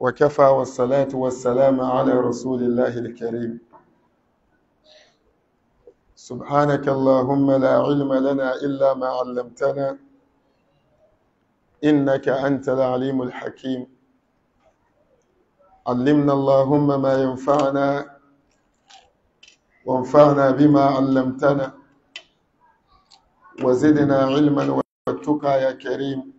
وكفى والصلاة والسلام على رسول الله الكريم سبحانك اللهم لا علم لنا إلا ما علمتنا إنك أنت العليم الحكيم علمنا اللهم ما ينفعنا وانفعنا بما علمتنا وزدنا علما واتقى يا كريم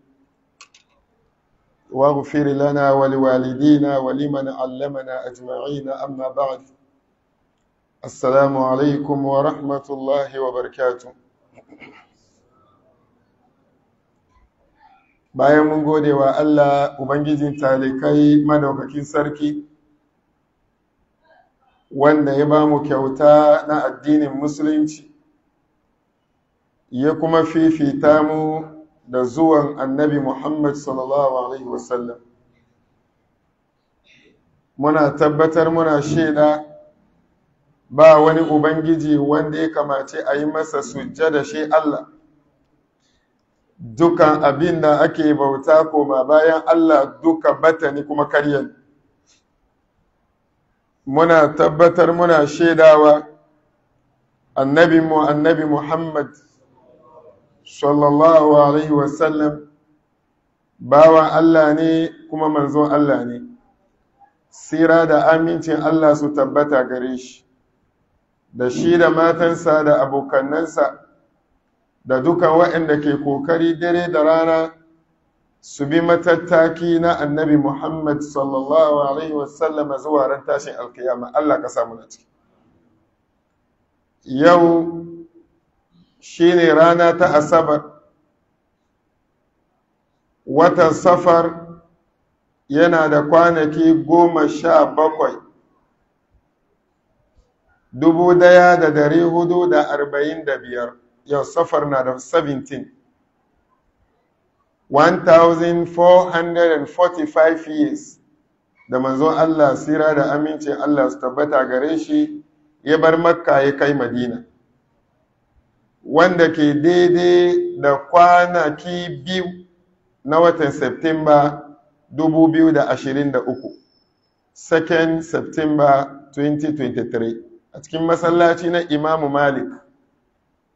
واغفر لنا ولوالدينا ولمن علمنا أجمعين أما بعد السلام عليكم ورحمة الله وبركاته bayan mun gode wa Allah Ubangijin talikai madaukakin sarki wanda ya ba mu kyauta na addinin musulunci ya kuma fifita mu da zuwan annabi Muhammad sallallahu Alaihi wasallam. Muna tabbatar muna shaida ba wani Ubangiji wanda ya kamace a yi masa da shi Allah. Dukan abin da ake bauta koma bayan Allah duka batani kuma karyani. Muna tabbatar muna shaidawa annabinmu annabi Muhammad sallallahu alaihi wasallam Bawa Allah ne kuma manzon Allah ne sira da amincin Allah su tabbata gare shi da shi da matansa da abokannansa da duka waɗanda ke kokari dare da rana su bi matattaki na annabi Muhammad sallallahu Alaihi wasallama zuwa ran tashin alkiyama Allah ka samu na ciki. Yau shine rana ta asabar watan safar yana da kwanaki goma sha bakwai dubu daya da dari hudu da arba'in da biyar yau safar na da 17 1445 years da manzon Allah sira da amincin Allah su tabbata gare shi ya bar makka ya kai madina wanda ke daidai da kwanaki biyu na watan Septemba 2023 second September 2023 a cikin masallaci na Imamu Malik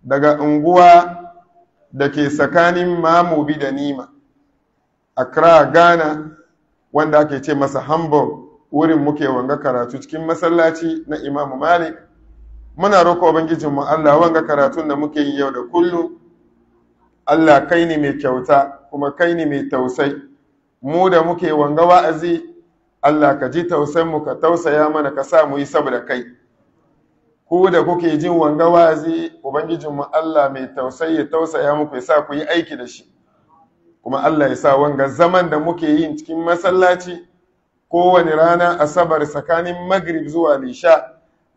daga unguwa da ke tsakanin Mamobi da Nima a kira Ghana wanda ake ce masa Hamburg wurin muke wanga karatu cikin masallaci na Imamu Malik muna roƙo ubangijin mu Allah wanga karatun da muke yi yau da kullum Allah kai ne mai kyauta kuma kai ne mai tausai mu da muke wanga wa'azi Allah ka ji tausan mu ka tausaya mana ka sa mu yi saboda kai ku da kuke jin wanga wa'azi ubangijin Allah mai tausayi ya tausaya muku ya sa ku yi aiki da shi kuma Allah ya sa wanga zaman da muke yin cikin masallaci kowane rana asabar tsakanin magrib zuwa nisha.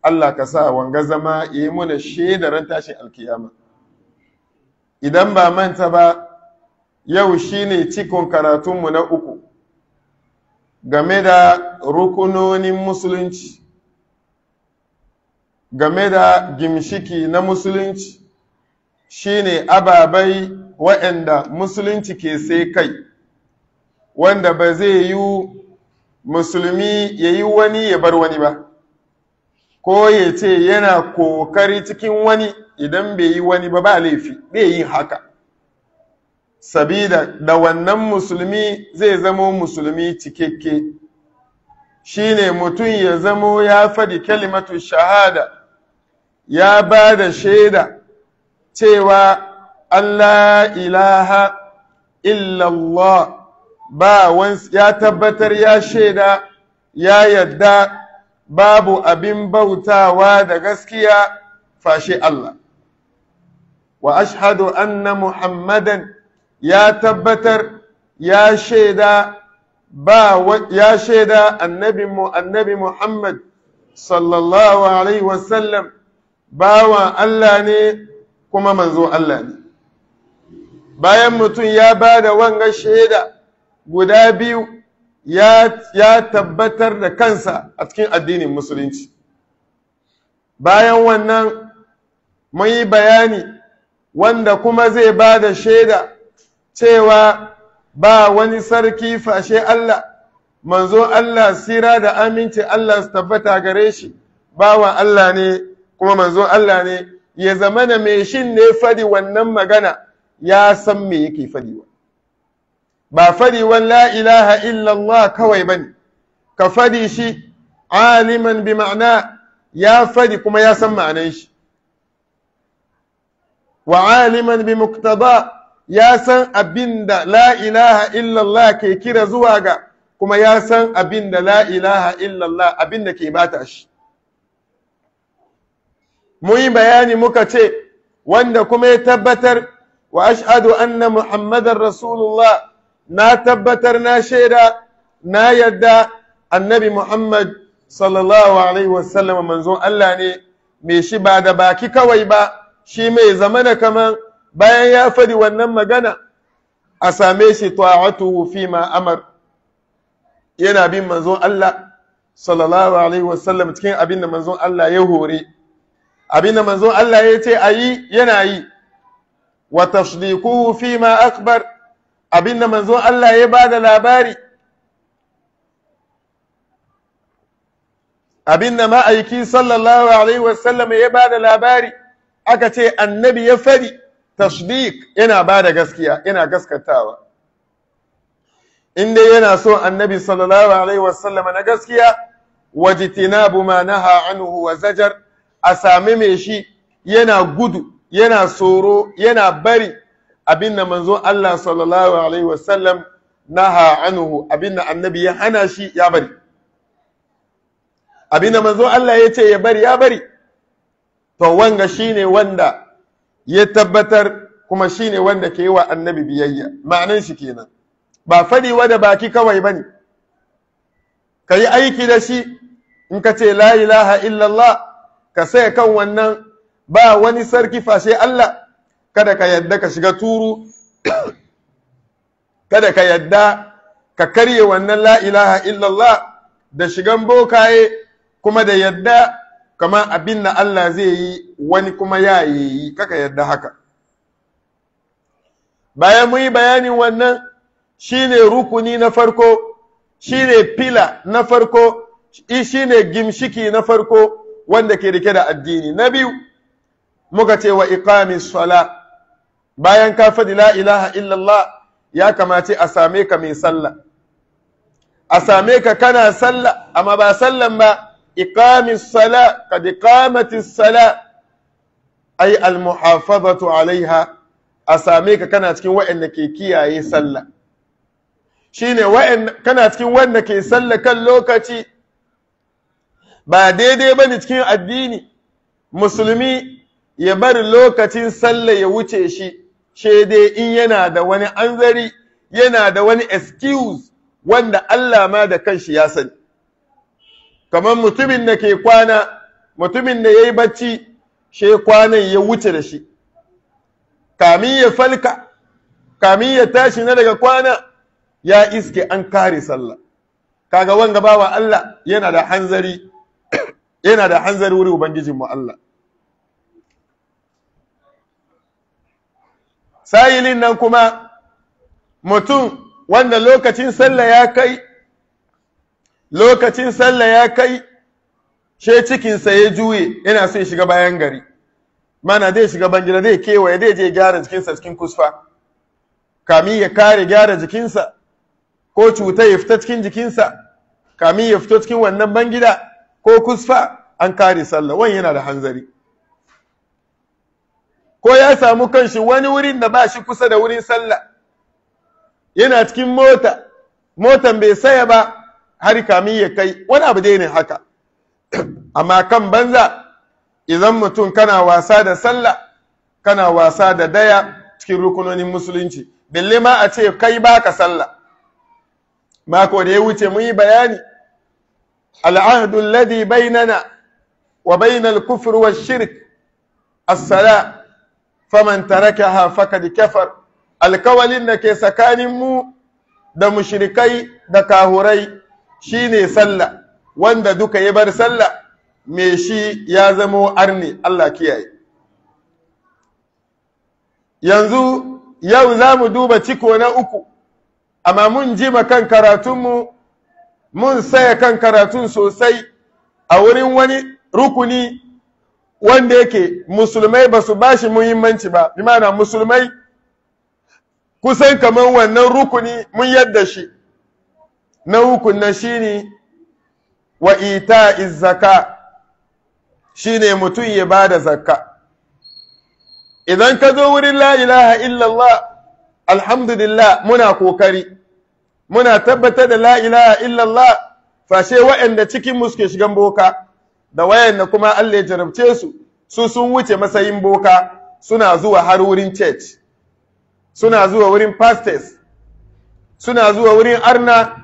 Allah ka sa wanga zama ya yi muna shedaran tashin alkiyama idan ba manta ba yau shine cikon karatunmu na uku game da rukunonin musulunci game da gimshiki na musulunci shine ababai waɗanda musulunci ke sai kai wanda ba zai yi musulmi ya yi wani ya bar wani ba ko ya ce yana kokari cikin wani idan bai yi wani ba ba laifi bai yi haka sabida da wannan musulmi zai zamo musulmi cikakke shine mutum ya zamo ya fadi kalimatu shahada ya ba da shaida cewa Allah ilaha illallah ba ya tabbatar ya shaida ya yadda babu abin bautawa da gaskiya fashe Allah wa ashhadu anna muhammadan ya tabbatar ya shaida ba ya shaida annabi mu annabi muhammad sallallahu alaihi wasallam bawa Allah ne kuma manzo Allah ne bayan mutum ya ba da wanga shaida guda biyu ya tabbatar da kansa a cikin addinin musulunci bayan wannan mun yi bayani wanda kuma zai ba da shaida cewa ba wani sarki fashe Allah manzo Allah sira da aminci Allah su tabbata gare shi bawa Allah ne kuma manzo Allah ne ya zama da mai shin ne fadi wannan magana ya san me yake fadiwa ba fari la ilaha illallah kawai ba ne, ka fari shi aliman bi ma'ana ya fari kuma ya san ma'anan shi wa aliman bi muktaba ya san abin la ilaha illallah ke kira zuwa ga kuma ya san abin la ilaha illallah abin da ke bata shi muyi bayani muka ce wanda kuma ya tabbatar wa ash'adu anna muhammadar rasulullah na tabbatar na shaida na yadda annabi Muhammad sallallahu alaihi wasallam manzon Allah ne mai shi ba da baki kawai ba shi mai zamana kaman bayan ya fadi wannan magana a same shi ta'atuhu fi ma amar yana bin manzon Allah sallallahu alaihi wasallam cikin abin da manzon Allah ya hore abin da manzon Allah ya ce ayi yana yi wa tasdiquhu fi ma akbar abinda manzon Allah ya ba da labari abinda ma'aiki sallallahu alaihi wasallam ya ba da labari aka ce annabi ya fari tasdiq yana ba da gaskiya yana gaskatawa inda yana so annabi sallallahu alaihi wasallam na gaskiya wajitinabu ma naha anhu wa zajar a sami mai shi yana gudu yana soro yana bari abinda manzo Allah sallallahu alaihi wasallam naha anhu abinda annabi ya hana shi ya bari abinda manzo Allah ya ce ya bari ya bari to wanga shine wanda ya tabbatar kuma shine wanda ke yi wa annabi biyayya ma'anan shi kenan ba fadi wada baki kawai bane ka yi aiki da shi in ka ce la ilaha illallah ka saya kan wannan ba wani sarki fashe Allah kada ka yadda ka shiga turu kada ka yadda ka karye wannan la ilaha illallah da shigan bokaye kuma da yadda kama abin da Allah zai yi wani kuma ya yi kaka yadda haka bayan mu yi bayanin wannan shine rukuni na farko shine pila na farko shine gimshiki na farko wanda ke rike da addini na biyu muka ce wa iqamis sala bayan ka faɗi la ilaha illallah ya kamace a same ka mai sallah a same ka kana sallah amma ba sallan ba iqamis sala kad iqamatis sala ay al muhafazatu alaiha a same ka kana cikin wa'anda ke kiyaye sallah shine waɗanda kana cikin wanda ke sallah kan lokaci ba daidai bane cikin addini musulmi ya bari lokacin sallah ya wuce shi she dai in yana da wani anzari yana da wani excuse wanda Allah ma da kanshi ya sani kamar mutumin da ke kwana mutumin da yayi bacci she kwanan ya wuce da shi kamin ya falka kamin ya tashi na daga kwana ya iske an kare sallah kaga wanga bawa Allah yana da hanzari yana da hanzari wuri ubangijin mu Allah sayilin nan kuma mutum wanda lokacin sallah ya kai lokacin sallah ya kai she cikinsa ya juye yana so ya shiga bayan gari mana zai shiga bangida zai kewaye zai je gyara jikinsa cikin kusfa kami ya kare gyara jikinsa ko cuta ya fita cikin jikinsa kami ya fito cikin wannan bangida ko kusfa an kare sallah wani yana da hanzari ko ya samu kanshi wani wurin da ba shi kusa da wurin sallah yana cikin mota motan bai saya ba har kamin ya kai wani abu dai ne haka amma kan banza idan mutum kana wasa da sallah kana wasa da daya cikin rukunonin musulunci bille ma a ce kai baka sallah mako da ya wuce mun yi bayani al'ahdu alladhi bainana wa bainal kufri wash shirk as faman tarakaha faqad kafar alkawalin da ke tsakanin mu da mushrikai da kahurai shine sallah wanda duka ya bar sallah me shi ya zamo arni Allah kiyaye yanzu yau za mu duba ciko na uku amma mun jima kan mu mun saya kan karatun sosai a wurin wani rukuni wanda yake musulmai ba su ba muhimmanci ba bi ma'ana musulmai kusan kamar wannan rukuni mun yadda shi na rukun na shi ne wa ita zaka shi ne mutum ya ba da zakka idan ka zo wurin la ilaha illallah alhamdulillah muna kokari muna tabbatar da la ilaha illallah fashe waɗanda cikin suke shigan boka da wayanda kuma Allah ya jarabce su su sun wuce masayin boka suna zuwa har wurin church suna zuwa wurin pastors suna zuwa wurin arna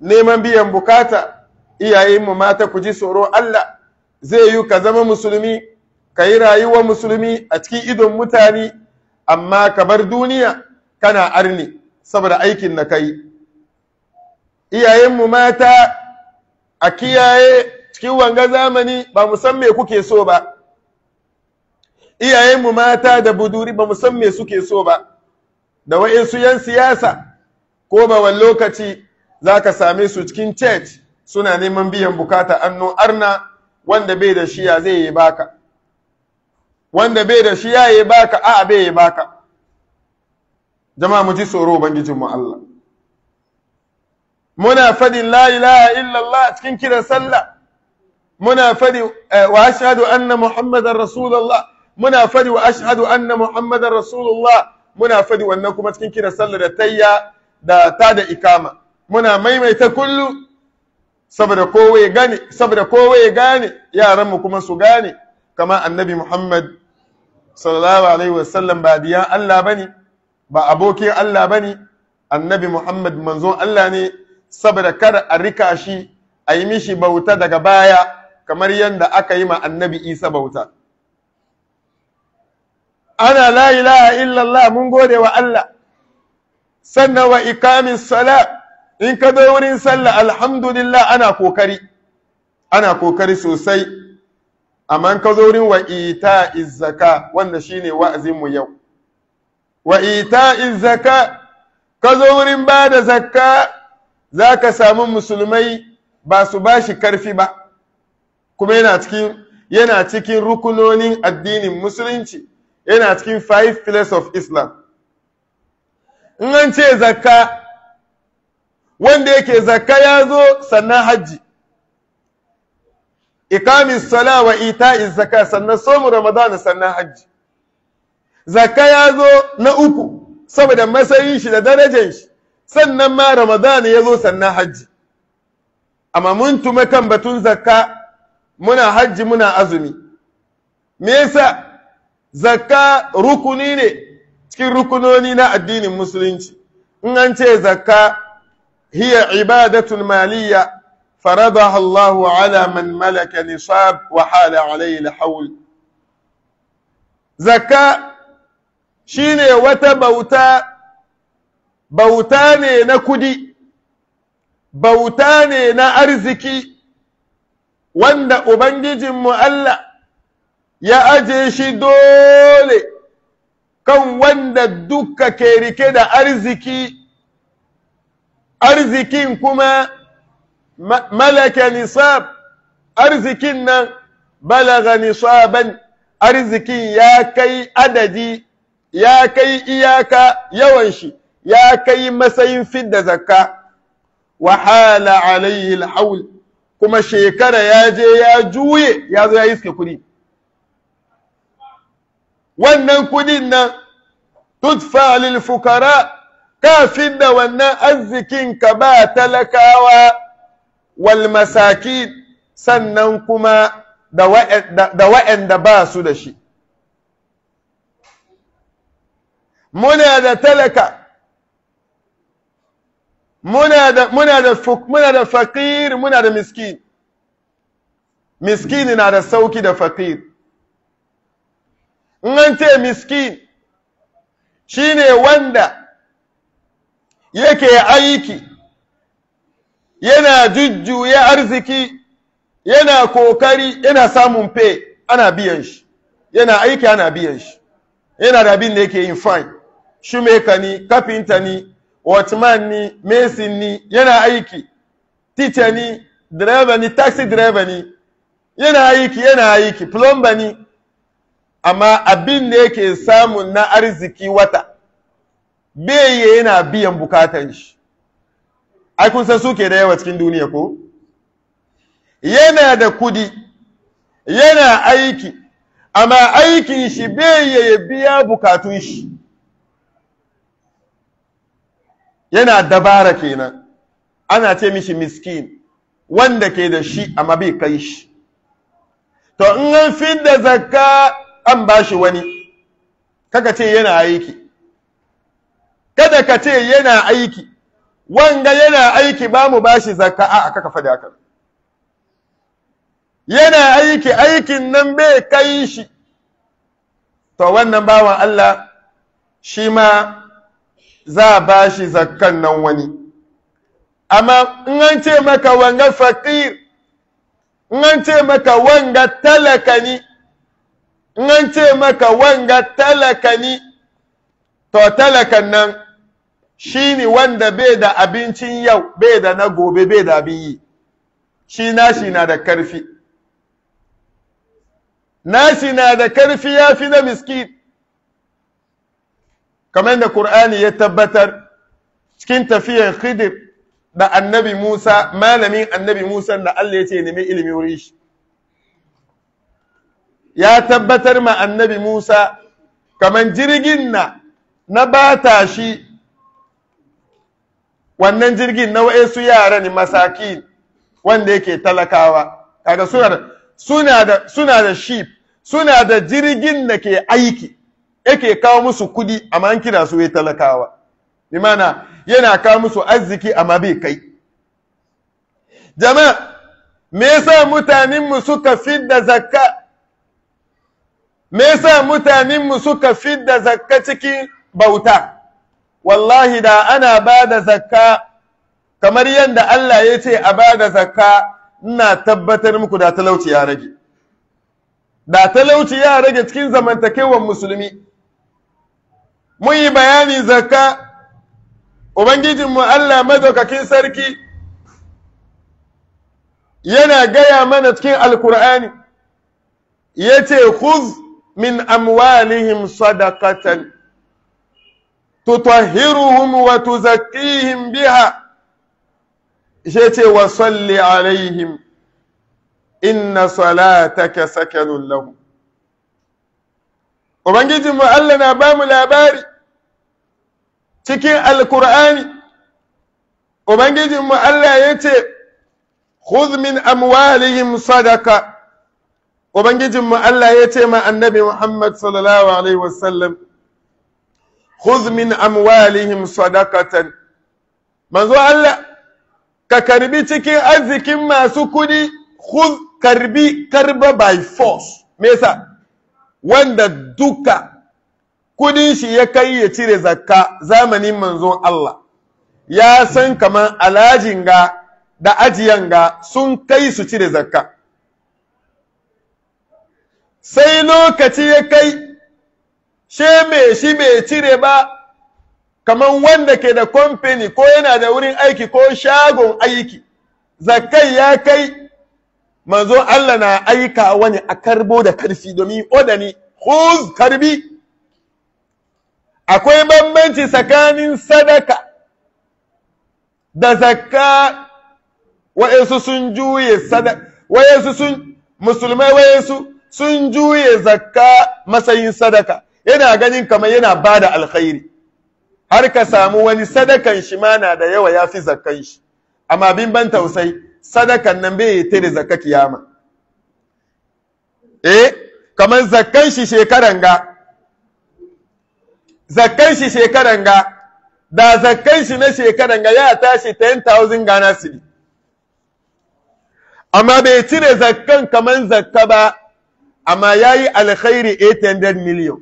neman biyan bukata iyayenmu mata ku ji tsoro Allah zai yi ka zama musulmi ka yi rayuwa musulmi a cikin idon mutane amma ka bar duniya kana arni saboda aikin na kai iyayenmu mata a kiyaye cikin wanga zamani ba mu san me kuke so ba iyayenmu mata da buduri ba mu san me suke so ba da wa'insu 'yan siyasa ko ba wani lokaci zaka same su cikin church suna neman biyan bukata anno arna wanda bai da shiya zai yi baka wanda bai da shiya ya baka a bai yi baka jama'a mu ji tsoro mu Allah muna fadin la ilaha illallah cikin kiran sallah muna fadi eh, wa ashhadu anna muhammadar rasulullah muna fadi wa ashhadu anna muhammadar rasulullah muna fadi wannan kuma cikin kira sallah da tayya da ta da ikama muna maimaita kullu saboda kowa ya gane saboda kowa ya gane yaran mu kuma su gane kama annabi muhammad sallallahu alaihi wasallam ba diyan Allah bane ba abokin Allah bane annabi muhammad manzon Allah ne saboda kada a rika shi a yi mishi bauta daga baya kamar yadda aka yi ma annabi isa bauta ana la ilaha illallah mun gode wa Allah sannan wa ikamin sala in ka zo wurin sallah alhamdulillah ana kokari ana kokari sosai amma ka zo wurin wa ita izaka wanda shine wa'azin mu yau wa ita izaka ka zo wurin ba da zakka zaka samu musulmai ba su bashi karfi ba kuma yana cikin yana cikin rukunonin addinin musulunci yana cikin five pillars of islam in an ce zakka wanda yake zakka ya zo sannan hajji Ikamin sala wa in zakka sannan somu ramadan sannan hajji zakka ya zo na uku saboda matsayin shi da darajar shi sannan ma ramadan ya zo sannan hajji amma mun tuma kan batun zakka muna hajji muna azumi me yasa zakka rukuni ne cikin rukunoni na addinin musulunci in an ce zakka hiya ibadatul maliyya faradaha Allahu ala man malaka nisab wa hala alayhi alhawl zakka shine wata bauta bauta ne na kudi bauta ne na arziki wanda ubangijinmu Allah ya aje shi dole kan wanda duka ke rike da arziki arzikin kuma malaka nisab arzikin nan balaga nisaban arzikin ya kai adadi ya kai iyaka yawan shi ya kai matsayin fidda zakka wahala alayhi alhawl kuma shekara ya je ya juye ya zo ya iske kudi wannan kudin nan tudfa lil fukara kafin da wannan arzikin ka ba talakawa wal masakin sannan kuma da wa'anda ba su da shi muna da talaka muna da muna muna da fakir muna da miskin miskin na da sauki da fakir in an ce miskin shine wanda yake aiki yana jujjuya arziki yana kokari yana samun pay ana biyan shi yana aiki ana biyan shi yana da abin da yake yin fine shumeka ni kafinta ni watchman ni mason ni yana aiki teacher ni driver ni taxi driver ni yana aiki yana aiki plumber ni amma abin da yake samun na arziki wata beye yana biyan bukatan shi ai kun san suke da yawa cikin duniya ko yana da kudi yana aiki amma aikin shi beye ya biya bukatun shi yana dabara kenan ana ce mishi miskin wanda ke da shi amma bai kai shi to in an da zakka an ba shi wani kaka ce yana aiki kada ka ce yana aiki wanga yana aiki ba mu ba shi zakka a kaka faɗi haka yana aiki aikin nan bai kai shi to wannan bawan Allah shi ma za a ba shi zakkan nan wani amma in an ce maka wanga fakir in an ce maka wanga talaka ni in an ce maka wanga talaka ni to talakan nan shi ne wanda bai da abincin yau bai da na gobe bai da abin yi shi nashi na da karfi nashi na da karfi ya fi na miskin kamar da Kur'ani ya tabbatar cikin tafiyar Khidir da annabi Musa malamin annabi Musa da Allah ya ce nemi ilimi wuri shi ya tabbatar ma annabi Musa kamar jirgin na na bata shi wannan jirgin na su yara ne masaki wanda yake talakawa kaga suna da suna suna da suna da jirgin da ke aiki yake kawo musu kudi amma an kira su ya talakawa imana yana kawo musu arziki amma bai kai jama'a me yasa mutaninmu suka da zakka me yasa mutanenmu suka fidda zakka cikin bauta wallahi da ana ba da zakka kamar yadda Allah ya ce a ba da zakka ina tabbatar muku da talauci ya rage da talauci ya rage cikin zamantakewar musulmi mun yi bayani zakka ubangijinmu Allah madaukakin sarki yana gaya mana cikin alkur'ani ya ce khuz min amwalihim sadaqatan tutahhiruhum wa tuzakkihim biha ya ce wa salli alaihim inna salataka sakanun lahum ubangijinmu Allah na ba mu labari cikin alkur'ani ubangijinmu Allah ya ce khudh min amwalihim sadaka ubangijinmu Allah ya ce ma annabi Muhammad sallallahu alaihi wasallam khudh min amwalihim sadakatan manzo Allah ka karbi cikin arzikin masu kudi khudh karbi karba by force me yasa wanda duka kudin shi ya kai ya cire zakka zamanin manzon Allah ya san kaman alajin ga da ajiyan ga sun kai su cire zakka sai lokaci ya kai she me shi bai cire ba kaman wanda ke da kamfani ko yana da wurin aiki ko shagon aiki zakkai ya kai manzo Allah na aika wani a karbo da karfi domin odani khuz karbi akwai bambanci tsakanin sadaka da zakka wa'yansu sun juye sadaka sun musulmai wa'yansu sun juye zakka matsayin sadaka yana ganin kamar yana bada da alkhairi har ka samu wani sadakan shi ma na da yawa ya fi zakkan shi amma bin ban tausayi sadakan nan bai ta da zakka kiyama eh kamar zakkan shi shekaran ga zakkan shi shekaran ga da zakkan shi na shekaran ga ya tashi 10000 su cedi amma bai cire zakkan kamar zakka ba amma ya yi alkhairi 800 miliyon.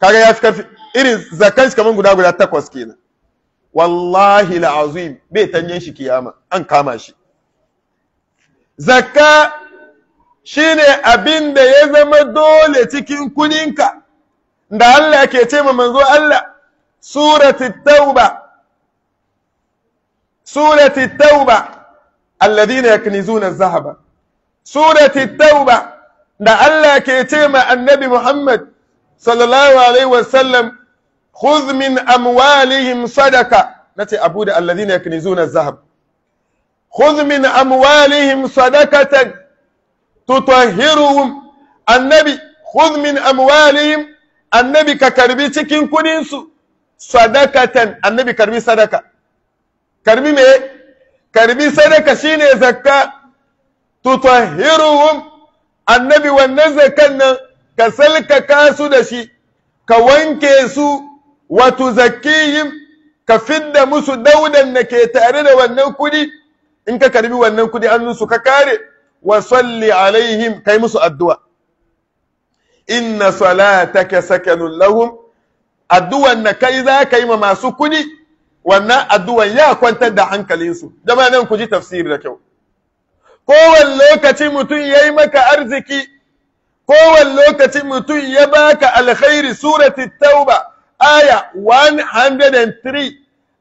kaga ya fi irin zakkan shi kamar guda guda takwas kenan wallahi la'azim bai tanyen shi kiyama an kama shi zakka shine abin da ya zama dole cikin kuninka da Allah ke ce ma manzo Allah surati tauba surati tauba alladhina yaknizuna zahaba surati tauba da Allah ke ce ma annabi Muhammad sallallahu alaihi wasallam khudh min amwalihim sadaka nace abu da alladhina yaknizuna zahab khudh min amwalihim sadakatan tutahhiruhum annabi khudh min amwalihim annabi ka karbi cikin kudin su sadakatan annabi karbi sadaka karbi me karbi sadaka shine zakka tutahhiruhum annabi wannan zakan nan ka salkaka su da shi ka wanke su wa tuzakkihim ka fidda musu daudan da ke tare da wannan kudi in ka karbi wannan kudi hannunsu ka kare wa salli alaihim kai musu addu'a inna salataka sakanun lahum addu'an na kai za ka yi ma masu kudi wannan addu'an ya kwantar da hankalinsu dama nan ku ji tafsiri da kyau kowane lokaci mutum ya yi maka arziki kowane lokaci mutum ya baka alkhairi surati tauba aya 103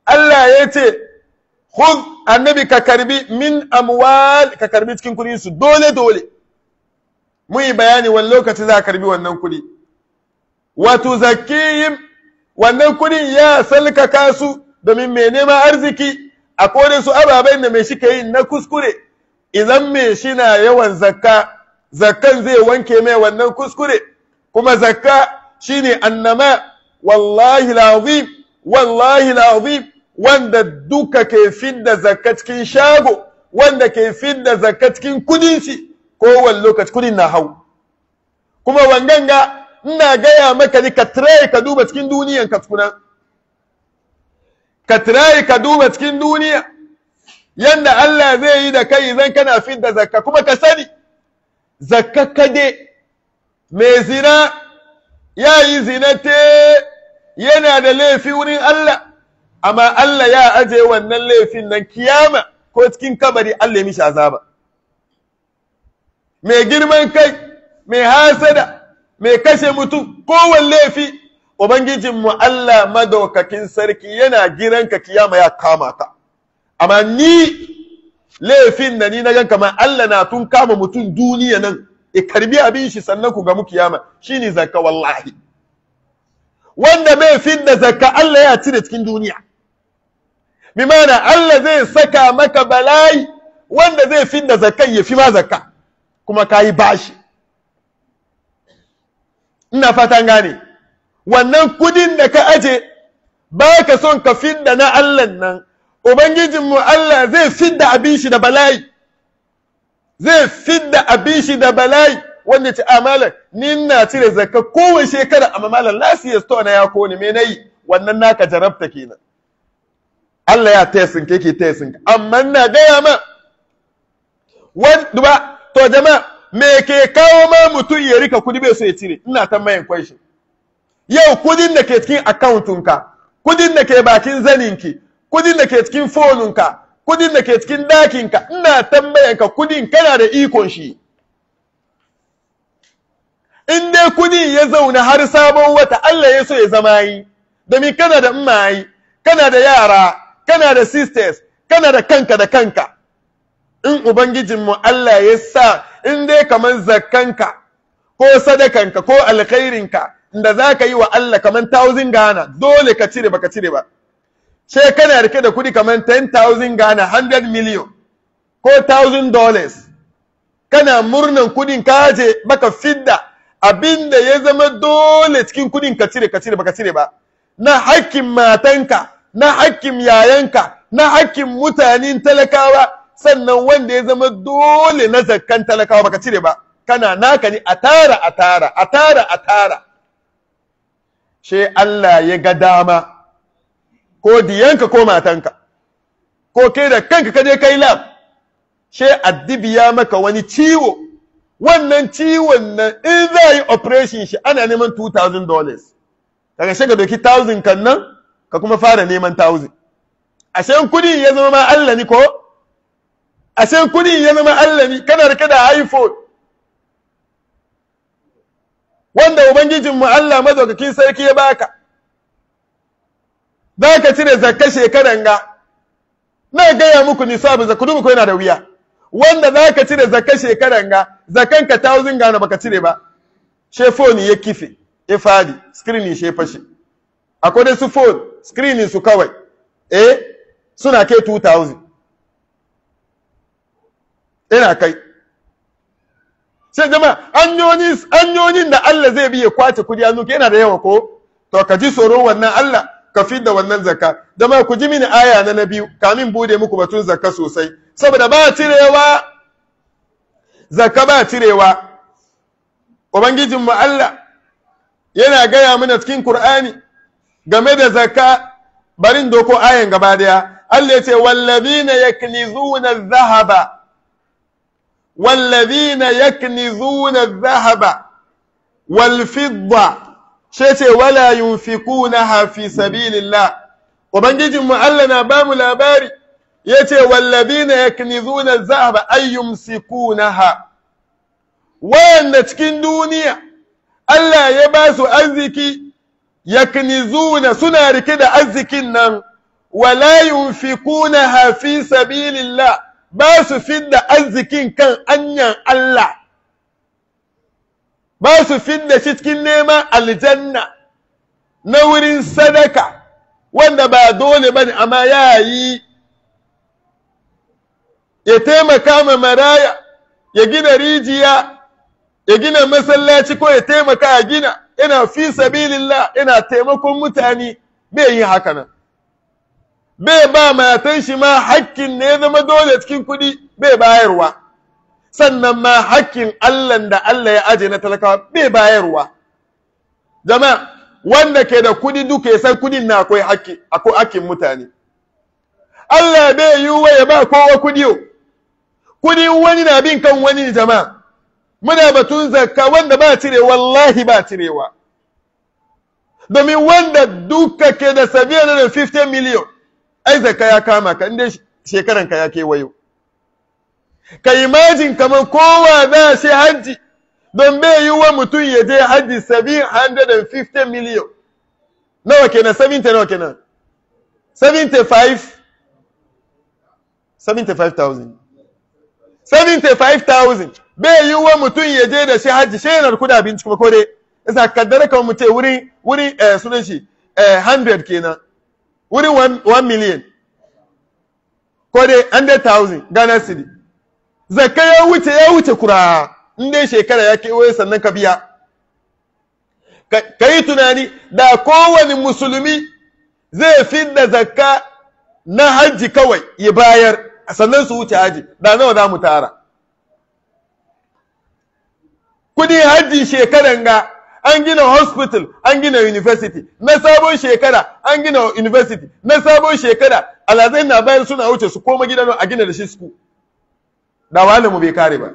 Allah ya ce khudh annabi ka karbi min amwal ka karbi cikin kudin su dole dole mu yi bayani wani lokaci za ka karbi wannan kudi wa zakiyim wannan kudin ya salkaka su domin mai neman arziki a kodin su ababen da mai shi ka yi na kuskure idan mai shi na yawan zakka zakkan zai wanke mai wannan kuskure kuma zakka shine annama wallahi lazim wallahi lazim wanda duka ke fidda zakka cikin shago wanda ke fidda zakka cikin kudin shi wani lokaci kudin na hau kuma wanganga ina gaya maka ni ka tiraye ka duba cikin duniyan ka tukuna ka tiraye ka duba cikin duniya yanda Allah zai yi da kai idan kana fidda zakka kuma ka sani zakka kade mai zina ya yi zinate yana da laifi wurin Allah amma Allah ya aje wannan laifin nan kiyama ko cikin kabari Allah ya mishi azaba mai girman kai mai hasada mai kashe mutum kowane laifi ubangijinmu Allah madaukakin sarki yana giranka kiyama ya kama ka amma ni laifin da ni na gan kamar Allah na tun kama mutum duniya nan ya karbi abin shi sannan ku ga mu kiyama shine zakka wallahi wanda bai fidda zakka Allah ya cire cikin duniya bi Allah zai saka maka bala'i wanda zai fidda zakkan ya fi ma zakka kuma kayi bashi ina fatan gane wannan kudin da ka aje ba ka son ka fidda na Allah nan Ubangijinmu Allah zai fidda abin shi da bala'i zai fidda abin shi da bala'i wanda ce amalan ah, ni na cire zakka kowace shekara a mamalar last year store na ya kone me nayi wannan naka jarabta kenan Allah ya taya sun kake taya sun amma na gaya ma wanda to jama'a me ke kawo ma mutum ya rika kudi bai so ya cire ina tambayan kwanshi yau kudin da ke cikin akawuntunka, kudin da ke bakin zaninki kudin da ke cikin fonunka kudin da ke cikin dakinka ina tambayanka kudin kana da ikon shi in dai kudin ya zauna har sabon wata Allah ya so ya zama yi domin kana da mai kana da yara kana da sisters kana da kanka da kanka in ubangijinmu Allah ya sa in dai kaman zakkanka ko sadakanka ko alkhairinka da za ka yi wa Allah kamar thousand gana dole ka cire baka cire ba sai kana rike da kudi kamar 10,000 gana 100 million ko 1,000 dollars kana murnan kudin kaje baka fidda abinda ya zama dole cikin kudin ka cire ka cire baka cire ba na hakkin matanka na hakkin yayanka na hakkin mutanen talakawa sannan wanda ya zama dole na zakkan talakawa baka cire ba kana naka ne a tara a tara a tara a tara she Allah ya ga dama ko diyanka ko matanka ko ke da kanka kaje kai lab she addibi ya maka wani ciwo wannan ciwon nan in za yi operation shi ana neman 2000 dollars daga she doki 1000 kan nan ka kuma fara neman 1000 ashen kudi ya zama ma Allah ni ko ashen kudi ya zama Allah ni kana rike da iPhone wanda ubangijin mu Allah madaukakin sarki ya baka za ka cire zakka shekaran ga na gaya muku nisabi zakka dubu ko yana da wuya wanda za ka cire zakka shekaran ga zakan ka thousand ga na baka cire ba she phone ya kife ya fadi screen she fashe akwai dai su phone screen su kawai eh suna kai 2000 ina kai sai jama'a hanyoyin da Allah zai bi ya kwace kudi hannu yana da yawa ko to ka ji tsoron wannan Allah ka fi da wannan zakka dama ku ji mini aya na na biyu kamin bude muku batun zakka sosai saboda ba cirewa zakka ba cirewa ubangijin mu Allah yana gaya mana cikin Qur'ani game da zakka barin doko ayan gaba daya Allah ya ce wallazina yaknizuna adh-dhahaba wallazina yaknizuna adh-dhahaba wal fidda sai ce wala yunfiqunaha fi sabilillah ubangijin mu Allah na bamu labari yace wallazina yaknizuna adh-dhahaba ay yumsikunaha wayanda cikin duniya Allah ya ba su arziki yaknizuna suna rike da arzikin nan wala yunfikunaha fi sabilillah ba su fidda arzikin kan anyan Allah ba su fidda shi cikin neman aljanna na wurin sadaka wanda ba dole ba ne amma ya yi ya taimaka ma maraya ya gina rijiya ya gina masallaci ko ya taimaka ya gina yana fi sabilillah yana taimakon mutane bai yi haka nan bai ba matan shi ma hakkin ne zama dole cikin kuɗi bai bayarwa sannan ma hakkin Allah da Allah ya aje na talakawa bai bayarwa jama'a wanda ke da kudi duka ya san kudin na akwai hakki akwai hakkin mutane Allah bai yi wa ya ba kowa kudi o. kudi wani na bin kan wani jama'a muna batun zakka wanda ba cire wallahi ba cirewa domin wanda duka ke da 750 miliyon ai zakka ya kama ka inda shekaranka ya kewayo ka imajin kamar kowa za shi hajji don bai yi wa mutum ya je hajji 750 miliyan nawa kenan 70 nawa kenan 75 75,000 75,000 bai yi wa mutum ya je da shi hajji shi yana kuda binci kuma kore isa kaddara kan mutum wuri wuri eh, sunan shi eh, 100 kenan wuri 1 million kore 100,000 Ghana city zaka ya wuce ya wuce kura inda shekara ya kewaye sannan ka biya ka yi tunani da kowane musulmi zai fidda zakka na hajji kawai ya bayar sannan su wuce hajji da nawa za mu tara kudin hajji shekaran ga an gina hospital an gina university na sabon shekara an gina university na sabon shekara alazai na bayar suna wuce su koma gidan a gina da shi su dawalinmu bai kare ba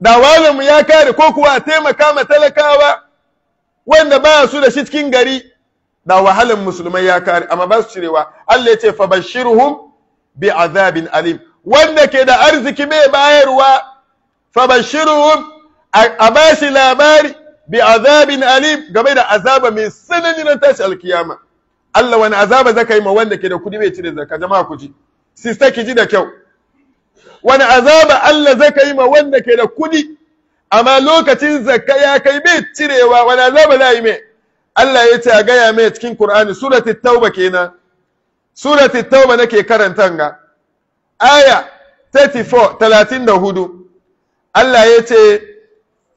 dawalinmu ya kare ko kuwa a taimaka ma talakawa wanda ba su da shi cikin gari da wahalan musulmai ya kare amma ba su cirewa Allah ya ce fa bashiruhum bi azabin alim wanda ke da arziki mai bayarwa fa bashiruhum a bashi labari bi azabin alim game da azaba mai sanani na tashi alkiyama Allah wani azaba zaka yi ma wanda ke da kudi bai cire zakka jama'a ku ji sister ki ji da kyau wani azaba Allah zaka yi ma wanda ke da kudi amma lokacin zakka ya kai bai cirewa wani azaba za yi mai Allah ya ce a gaya mai cikin Qur'ani surati tauba kenan surati tauba nake karantan ga aya 34 34 Allah ya ce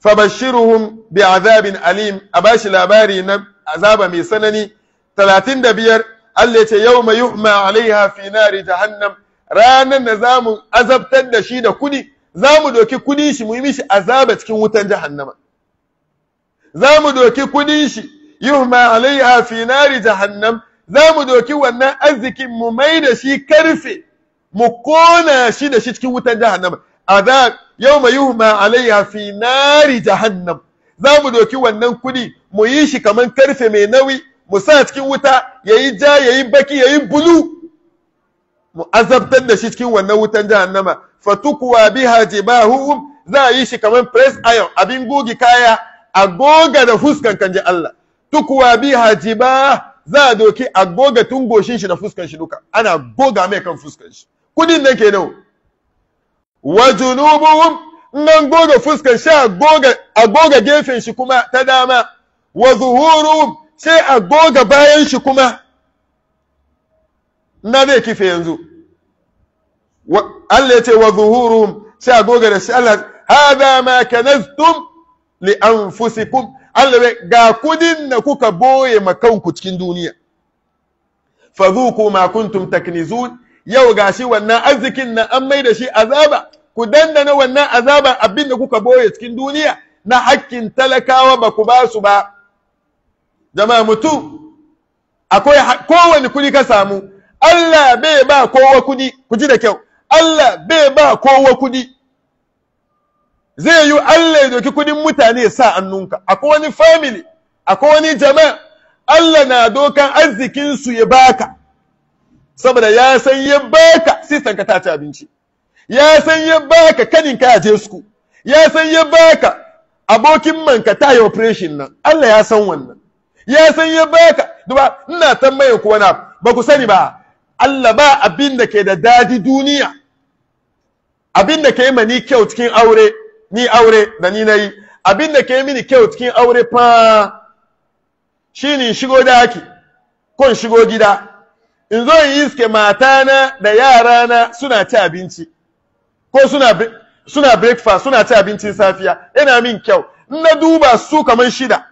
fabashiruhum bi azabin alim a bashi labari na azaba mai sanani 35 Allah ce yau mai yuhma alaiha fi nari jahannam ranan da zamu azabtar da shi da kudi zamu doki kudi shi mu yi mishi azaba cikin wutan jahannama zamu doki kudi shi yuhma alaiha fi nari jahannam zamu doki wannan arzikin mu mai da shi karfe mu kona shi da shi cikin wutan jahannama azab yau mai yuhma alaiha fi nari jahannam zamu doki wannan kudi mu yi shi kamar karfe mai nauyi mu sa cikin wuta ya yi ja ya yi baki ya yi bulu mu azabtar da shi cikin wannan wutan jahannama fatukwa biha jibahum za a yi shi kamar press iron abin gogi kaya a goga da fuskan kanji Allah tukwa biha jibah za a doki a goga tun goshin shi da fuskan shi duka ana goga mai kan fuskan shi kudin nan kenan wa junubuhum nan goga fuskan shi a goga gefen shi kuma ta dama wa zuhuruhum sai a goga bayan shi kuma na zai kife yanzu Allah ya ce wa zuhurum sai a goga da shi Allah hada ma kanaztum li anfusikum Allah ga kudin da kuka boye ku cikin duniya fadhuku ma kuntum taknizun yau gashi wannan arzikin na an mai da shi azaba ku dandana wannan azaban abin da kuka boye cikin duniya na hakkin talakawa ba ku ba su ba jama'a mutum akwai kowane kudi ka samu Allah bai ba kowa kudi ku ji da kyau Allah bai ba kowa kudi zai yi Allah ya doki kudin mutane sa annunka akwai wani family akwai wani jama'a Allah na dokan arzikin su ya baka saboda ya san ya baka sistan ka ta ci abinci ya san ya baka kanin ka je su ya san ya baka abokin manka ta yi operation nan Allah ya san wannan ya san ya baka duba ina tambaye ku wani ba ku sani ba Allah ba abin da ke da dadi duniya abin da ke yi mani kyau cikin aure ni aure da ni nayi abin da ke yi mini kyau cikin aure fa shine shigo daki ko shigo gida in zo in iske matana da yarana suna ci abinci ko suna suna breakfast suna ci abincin safiya Ina min kyau in na duba su kamar shida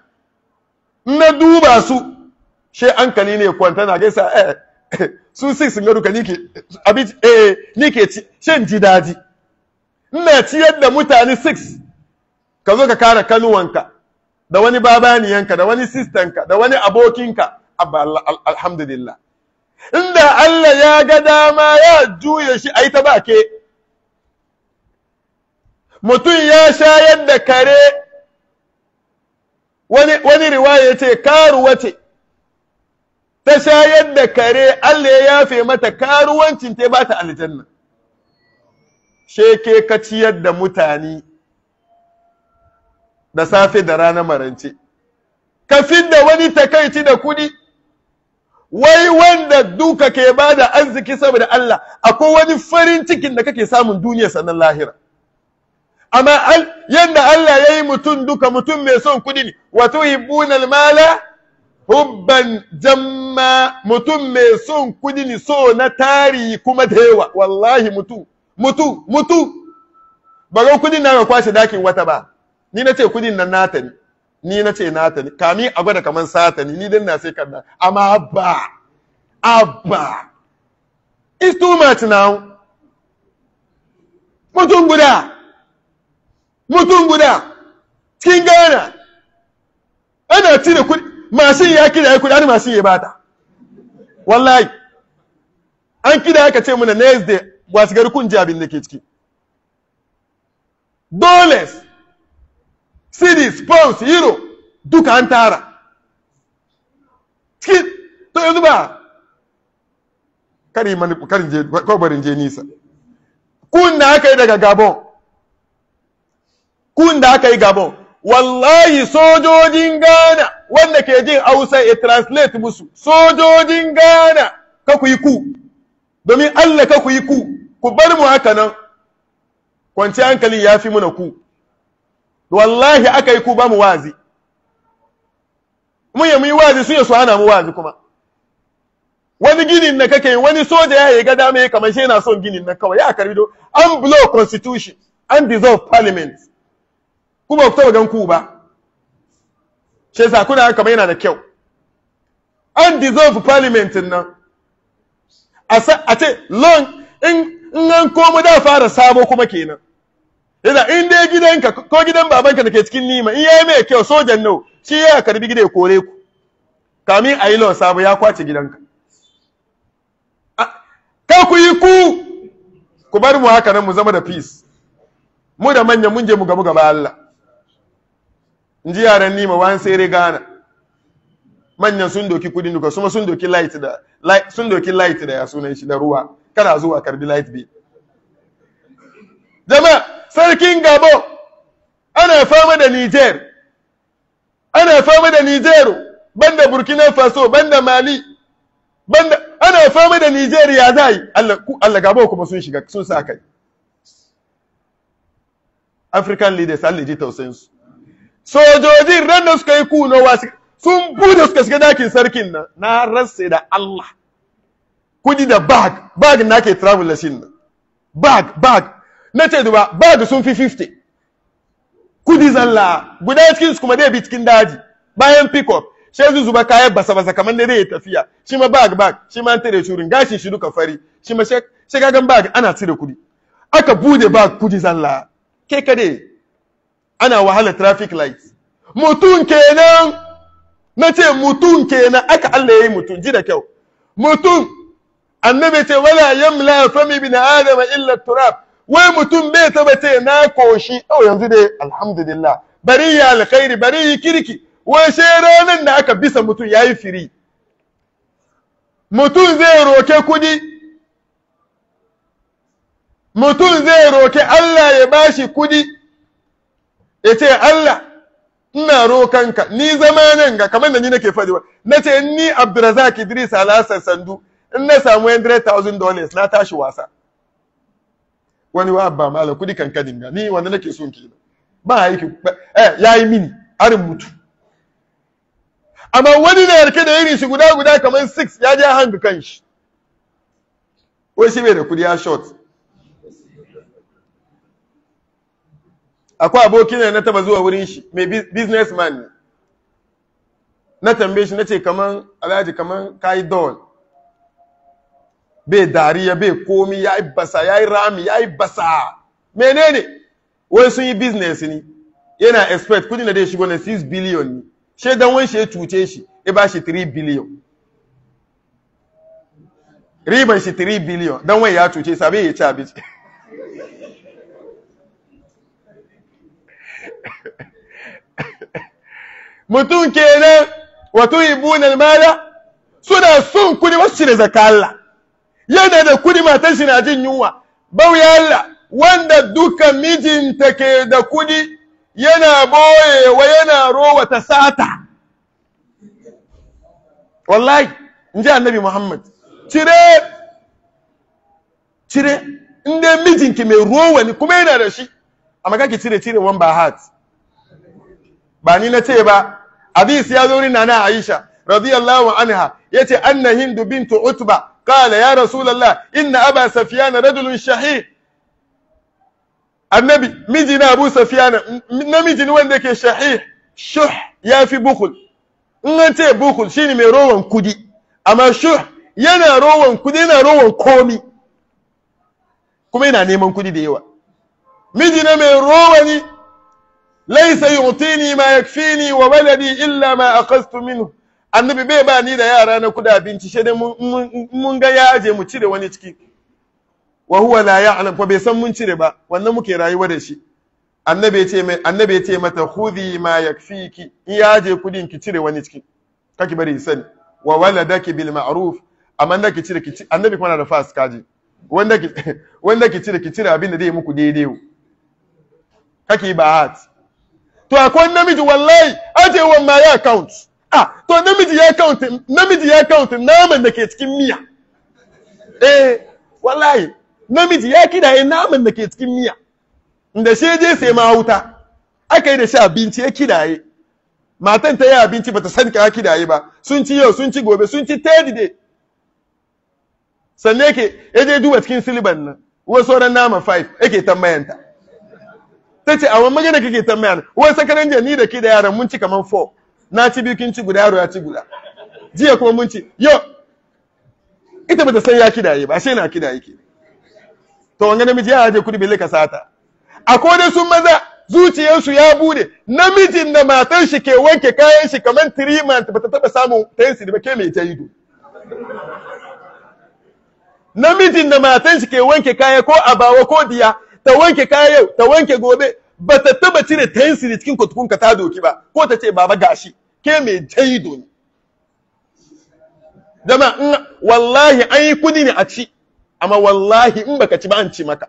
na duba su she hankali ne kwanta na gaisa eh su six nike abinci eh nike ji daji ina ciyar da mutane six ka zo ka kara kanuwanka da wani babaniyanka da wani sistanka da wani abokinka abba alhamdulillah inda Allah ya ga dama ya juya shi ai ta ke. mutum ya sha yadda kare wani riwaya ce karuwa ce ta shayar da kare Allah ya yafe mata karuwancin ta ba ta aljanna sheke ka ciyar da mutane da safe da rana marance ka da wani takaici da kudi wai wanda duka ke bada arziki saboda Allah akwai wani farin cikin da kake samun duniya sannan lahira amma yadda Allah ya yi duka mutum mai son kudi ne wato hibbunal mala hubban jamma mutum mai son kudi ne so na tari kuma da yawa wallahi mutu mutu mutu ba ga kudin na ga kwashe dakin wata ba ni na ce kudin nan nata ne ni na ce nata ne kami a gwada kaman sata ne ni dan na sai kan amma abba abba it's too much now mutum guda mutum guda cikin gana ana cire kudi masu ya kira ya kudi ana masu ya bata wallahi an kira aka ce muna next day wasu gari kun ji abin da ke ciki dollars cities pounds euro duka an tara cikin to yanzu ba kari je nisa kun da aka yi daga gabon kun da aka yi gabon wallahi sojojin Ghana wanda ke jin Hausa ya translate musu sojojin Ghana ka ku yi ku domin Allah ka ku yi ku ku bar mu haka nan kwanci hankali ya fi muna ku wallahi aka yi ku ba mu wazi mun yi wazi sun yi su hana mu wazi kuma wani ginin na kake wani soja ya yi gada mai kamar shi yana son ginin na kawai ya karbi do an block constitution an dissolve parliament ku ba ku taba gan ku ba shi yasa kuna yana da kyau an dissolve parliament nan a ce long in an komo da fara sabo kuma kenan yasa in dai gidanka ko gidan babanka da ke cikin nima in yayi mai kyau sojan nau shi ya karbi gida ya kore ku kamin a yi sabo ya kwace gidanka ka ku yi ku ku bar mu haka nan mu zama da peace mu da manyan mun je mu gamu gaba Allah nji yaran nima wan sere gana manyan sun doki kudin duka kuma sun doki light da sun doki light da ya sunan shi da ruwa kana zuwa karbi light bill jama'a sarkin gabo ana fama da niger ana fama da niger banda burkina faso banda mali banda ana fama da ya zai allah allah gabo kuma sun shiga sun sa kai african leaders allah ji tausayin su sojojin ran da suka yi kunowa sun bude suka shiga dakin sarkin nan na rasa da Allah kudi da bag bag na ke travel shin nan bag bag na ce duba bag sun fi 50 kudi zalla guda cikin su kuma dai bi cikin daji bayan pick up sai su zuba kayan basa basa kamar da zai tafiya shi ma bag bag shi ma an tare shurin gashin shi duka fari shi ma shi bag ana cire kudi aka bude bag kudi zalla ke kade ana wahala traffic light mutum kenan na ce mutum kenan aka Allah ya yi mutum ji da kyau mutum annabi ce wala yamla fami bin adama illa turab wai mutum bai taba ce na koshi oh yanzu dai alhamdulillah bari ya alkhairi bari yi kirki wai sai ranan da aka bisa mutum yayi firi mutum zai roke kudi mutum zai roke Allah ya bashi kudi ya ce Allah ina rokanka ni zama nan ga kamar da ni nake faɗi na ce ni Abdulrazak Idris Alhassan Sandu in na samu 100,000 dollars na tashi wasa wani wa abba malam kudi kankanin ga ni wanda nake son ki ba aiki eh yayi mini arin mutu amma wani na yarke da irin shi guda guda kamar 6 ya je hang kan shi wai shi bai da kudi ya short akwai ne na taba zuwa wurin shi mai businessman ne na tambaye shi na ce kaman alhaji kaman kai don bai dariya bai komi yayi basa yayi rami yayi basa menene wai sun yi business ni yana expect kudi na dai shigo na 6 billion ne she dan wani shi ya cuce shi ya ba shi 3 billion riban shi 3 billion dan wani ya cuce sabi ya ci abinci mutum kenan wato ibunan mala suna son kudi wasu shirya zaka Allah yana da kudi matan shi na jin yunwa bauya Allah wanda duka mijinta ke da kudi yana boyewa yana rowa ta sata wallahi in ji annabi Muhammad cire cire inda mijinki mai rowa ne kuma yana da shi amma kake cire cire wan ba heart ba ni na ce ba hadisi ya zo na Nana Aisha radiyallahu anha yace anna hindu bintu utba qala ya rasulullah inna aba safyan rajulun shahid annabi miji na abu safyan namiji ne wanda yake shahih shuh ya fi bukhul in an ce bukhul shine mai rowan kudi amma shuh yana rowan kudi yana rowan komi kuma yana neman kudi da yawa miji na mai rowani laisa يعطيني ما يكفيني وولدي waladi illa ma منه annabi bai ba ni da yara na kuda abinci shi mun ga ya aje mu cire wani ciki wa huwa la ya'lam fa bai san mun cire ba wannan muke rayuwa da shi annabi ya ce mai annabi ya ce mata khudhi ma yakfiki in ya aje kudin ki cire wani ciki kaki bari sani wa waladaki bil ma'ruf amma da ki cire ki annabi kuma na da fast kaji wanda ki wanda ki cire ki cire abin da zai muku daidai kaki ba hat to akwai namiji wallahi aje wa ma ya account ah to namiji ya account namiji ya account naman da ke cikin miya eh wallahi namiji ya kidaye naman da ke cikin miya da shi je sai ma wuta aka yi da shi abinci ya kidaye matan ta yi abinci bata san ka kidaye ba sun ci yau sun ci gobe sun ci tedi de sannan yake ya je duba cikin silban nan wasu sauran nama 5 yake tambayanta ta ce a wani magana kake tambaya ne wai sakaran jiya ni da ke da yaran mun ci kaman 4 na ci biyu kin ci guda yaro ya ci guda jiya kuma mun ci yo ita bata san ya kidaye ba sai na kidaye ke to wanga namiji ya je kudi bai ka sata akwai dai sun maza zuciyarsu ya bude namijin da matan shi ke wanke kayan shi kaman ba bata taba samun tensi da ba ke mai ta ido namijin da matan shi ke wanke kaya ko abawa ko diya ta wanke kaya yau ta wanke gobe ba ta taba cire tensi da cikin kutukunka ta doki ba ko ta ce baba gashi ke mai jaido ne dama wallahi an yi kudi ne a ci amma wallahi in baka ci ba an ci maka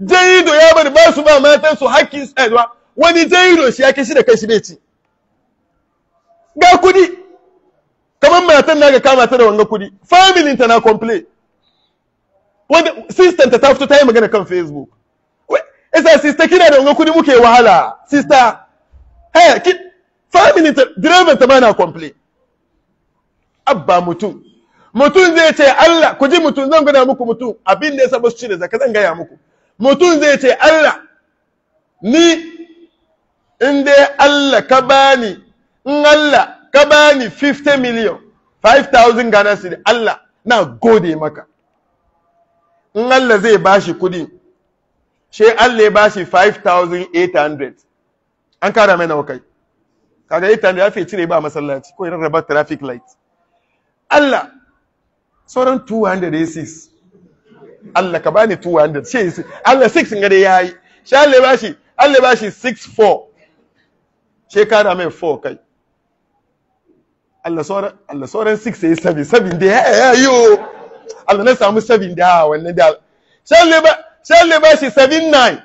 jaido ya bari ba su ba matan su hakkin eh, tsayarwa wani jaido shi ya kishi da kai shi bai ci ga kudi kamar matan na ga kama ta da wanga kudi familin ta na complain wanda sistan ta fito ta yi magana kan facebook isa sista kina da kudi muke wahala sista haya ki family ta direban ta bana complain abba mutum mutum zai ce Allah ku ji mutum zan gana muku mutum abin da yasa ba su cire zaka zan gaya muku mutum zai ce Allah ni in dai Allah ka bani in Allah ka bani 50 million 5000 Ghana cedi Allah na gode maka in Allah zai bashi kudi she Allah ya bashi 5800 an kara mai kai kaga 800 ya fi cire ba masallaci ko irin rabar traffic light Allah sauran 206 Allah ka bani 200 Allah 6 ngare yayi she Allah ya bashi Allah ya bashi 64 she kara mai 4 kai Allah sauran Allah sauran 6 sai 7 da ya Allah na samu 7 da wannan da shan le ba shi 79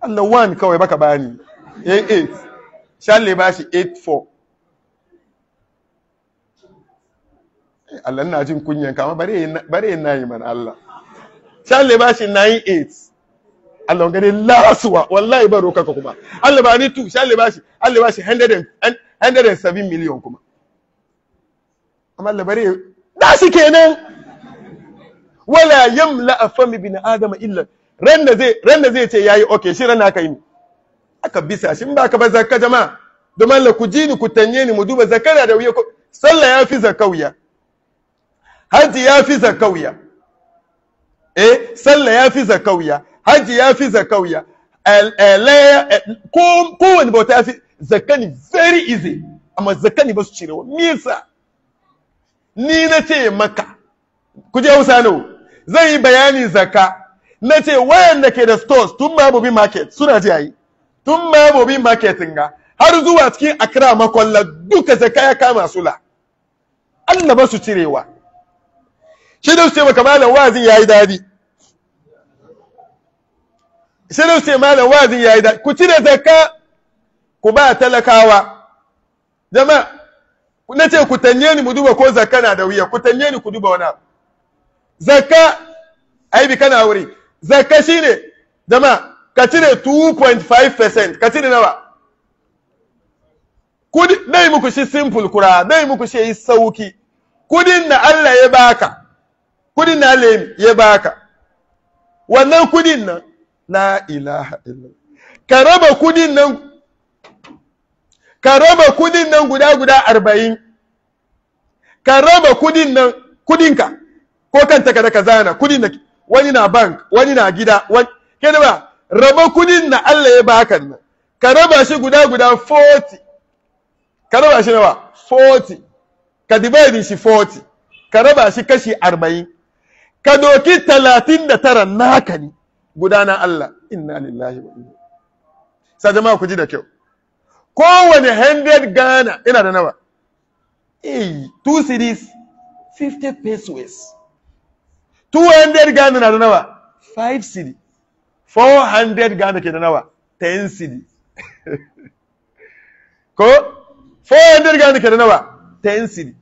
Allah 1 kawai baka bani 8 shan le ba shi 84 eh, Allah na jin kunyan kama bare yin nayi man Allah shan le ba shi 98 Allah gani lasuwa wallahi ba roka ka kuma Allah ba ni tu shan le ba shi Allah ba shi 107 million kuma amma Allah bare shi kenan wala yamla afami bin adama illa ran da zai ran da zai ce yayi okay shi ran aka yi aka bisa shi ba ka ba zakka jama'a Domin la ku ji ni ku tanye ni mu duba zakara da wuya sallah fi zakawiya haji ya fi zakawiya eh sallah fi zakawiya haji ya fi zakawiya wani bauta ya fi zakani very easy amma zakani ba su wa me yasa ni na ce maka ku je hausa zan yi bayani zaka na ce wayanda ke da stores tun ma bobi market suna ji ayi tun ma bobi market ga har zuwa cikin akira makwalla duka zaka ya kama sula Allah ba su cirewa shi da su ce maka malam wazin yi dadi shi da su ce malam wazin yi dadi ku cire zaka ku ba talakawa jama'a na ce ku tanye ni mu duba ko zakka na da wuya ku tanye ni ku duba wani abu zakka bi kana wuri zakka shine jama'a ka cire 2.5% ka cire nawa kudi dai muku shi simple kura dai muku shi yi sauki kudin da Allah ya baka kudin na Allah ya baka wannan kudin nan la ilaha illallah ka raba kudin nan ka raba kudin nan guda guda arba'in ka raba kudin nan kudinka ko kanta ka da ka zana kudin na wani na bank wani na gida wani ke ba raba kudin na Allah ya baka nan ka raba shi guda guda 40 ka raba shi nawa 40 ka divide shi 40 ka raba shi kashi 40 ka doki 39 naka ne guda na Allah inna lillahi wa inna sai jama'a ku ji da kyau kowane 100 Ghana ina da nawa eh two cedis 50 pesos 200 Ghana na da nawa 5 Four 400 Ghana ke da nawa 10 cedi ko 400 Ghana ke da nawa 10 cedi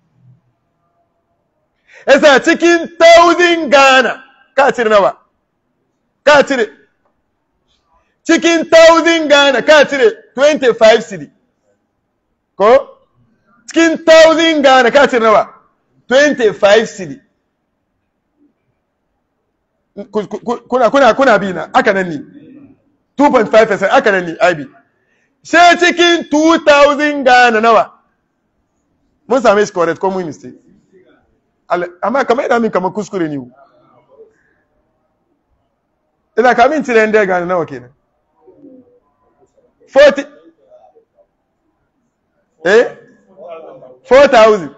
yasa cikin 1000 Ghana ka cire nawa ka cire cikin thousand Ghana ka cire five cedi ko cikin thousand Ghana ka cire nawa five cedi kuna kuna kuna bi na aka nan ni 2.5% aka nan ni IB sai cikin thousand Ghana nawa mun same shi correct ko mun mistake amma kamar ina min kamar kuskure ne ina ka min cire 100 Ghana nawa kenan 40 eh 4000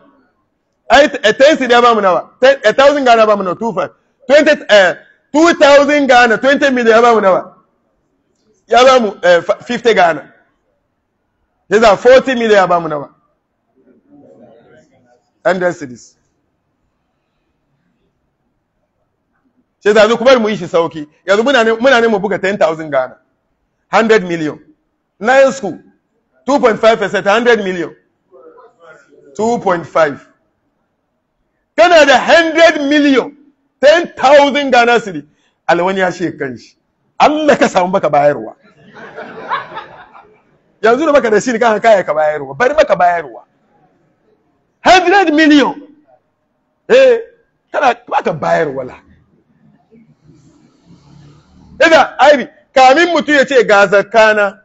ai 10 ba mu nawa gana ba mu nawa 25 20 eh 2000 gana 20 million ya ba mu nawa ya ba mu 50 gana yasa 40 million ya ba mu nawa 100 cities sai zo kuma mu yi shi sauki yanzu muna ne mu buga 10000 gana 100 million Nine school, 2.5%, percent 100 million. 2.5. Kana da 100 million, 10,000 Ghana city, alwani ya ce kan shi, Allah ka samu baka bayarwa. Yanzu da baka da shi ne kan kaya ka bayarwa, bari baka bayarwa. 100 million, eh, kana baka bayarwa la. Ida, Aibi, kamin mutum ya ce ga zakana,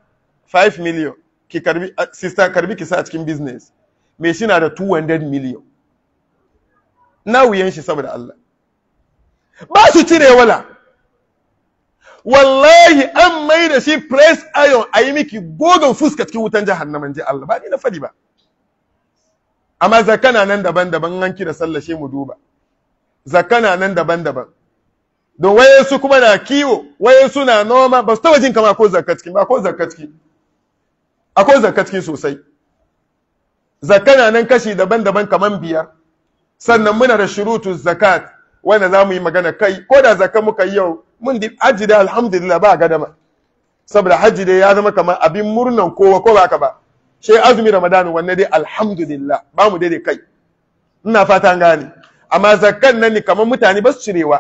5 million ki karbi sister karbi ki sa a cikin business me shi na da 200 million na wuyan shi saboda Allah ba su cire wala wallahi an mai da shi press iron a yi miki gogon fuska cikin wutan jahannaman ji Allah ba ni na fadi ba amma zakana nan daban-daban an kira sallashe mu duba zakana nan daban-daban don wayansu kuma na kiwo wayansu na noma ba su taba jin kama ko zakka ba ko zakka akwai zakka sosai zakka na nan kashi daban-daban kaman biyar sannan muna da shurutu zakat wanda za mu yi magana kai ko da zakka muka yi yau mun di hajji da alhamdulillah ba dama saboda hajji dai ya zama kamar abin murnan kowa ko ba ka ba sai azumi ramadan wanne dai alhamdulillah ba mu dai kai ina fata an gane amma zakkan nan ne kamar mutane ba su cirewa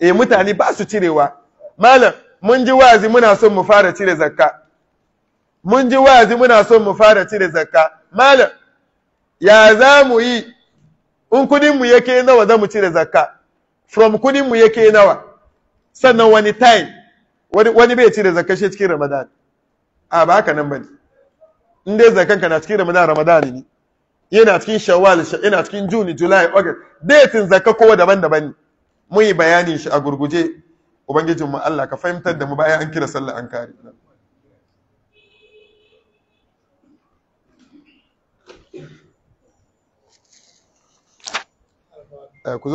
eh mutane ba su cirewa malam mun ji wazi muna son mu fara cire zakka mun ji wazi muna son mu fara cire zakka malam ya za mu yi in kudin mu yake nawa za mu cire zakka from kudin mu yake nawa sannan wani time wani bai cire zakka shi cikin ramadan a ba haka nan bane in dai zakkan ka na cikin ramadan ramadan ne yana cikin shawwal yana cikin juni july august datin zakka kowa daban-daban ne mun yi bayani shi a gurguje ubangijinmu Allah ka fahimtar da mu bayan an kira sallah an kare Ok,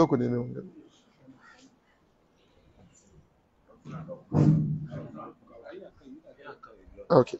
okay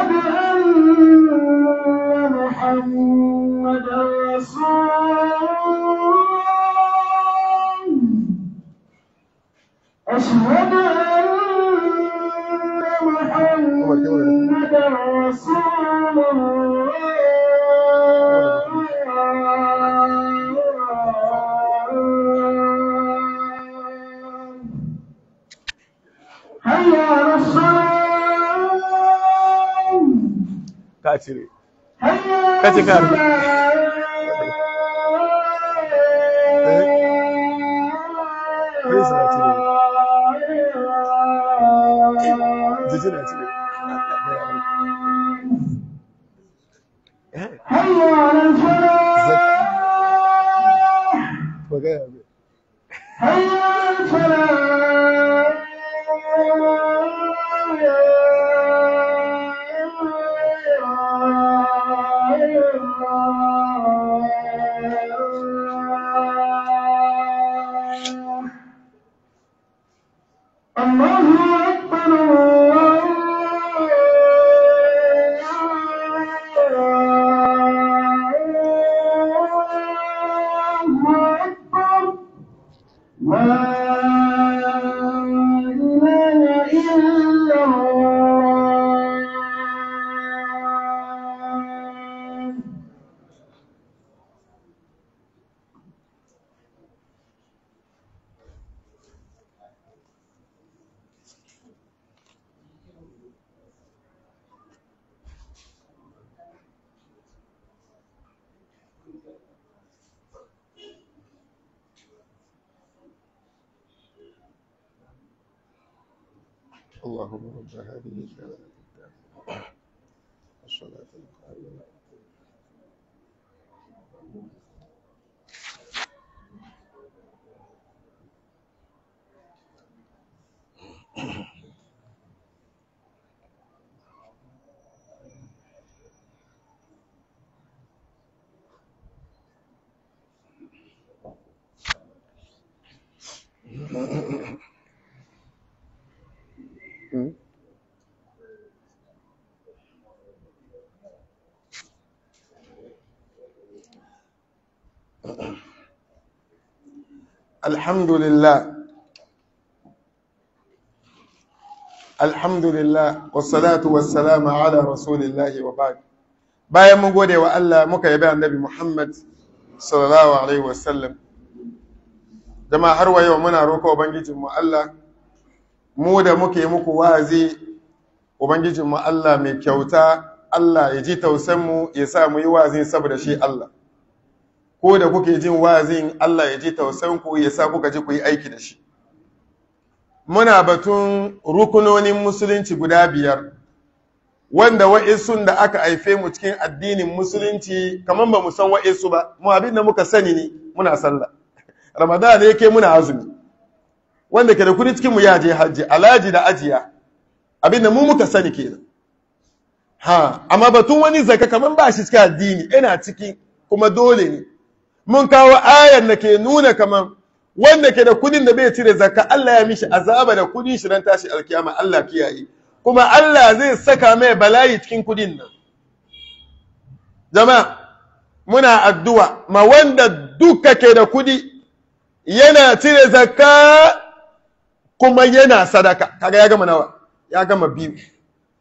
أشهد أن محمد رسول الله هيا رسول الصلاة كاتري هيا على residents I have to الحمد لله الحمد لله والصلاة والسلام على رسول bayan mun gode wa Allah muka yabi annabi Muhammad sallallahu alaihi wa wasallam jama'a har wa yau muna roƙo ubangijin mu Allah mu da muke muku wazi ubangijin mu Allah mai kyauta Allah ya ji tausan mu ya sa mu yi wazi saboda shi Allah ko da kuke jin wazin Allah ya ji tausanku ya sa kuka ji ku yi aiki da shi muna batun rukunonin musulunci guda biyar wanda wa'isun da aka haife mu cikin addinin musulunci kamar ba mu san wa'isu ba mu abin da muka sani ne muna sallah ramadan ne yake muna azumi wanda ke da kudi cikin mu ya je hajji alaji da ajiya abin da mu muka sani da. ha amma batun wani zaka kamar ba shi cikin addini ina ciki kuma dole ne mun kawo ayar da ke nuna kamar wanda ke da kudin da bai cire zakka Allah ya mishi azaba da kudin shi ran tashi alkiyama Allah kiyaye kuma Allah zai saka mai bala'i cikin kudin nan jama'a muna addu'a ma wanda duka ke da kudi yana cire zakka kuma yana sadaka kaga ya gama nawa ya gama biyu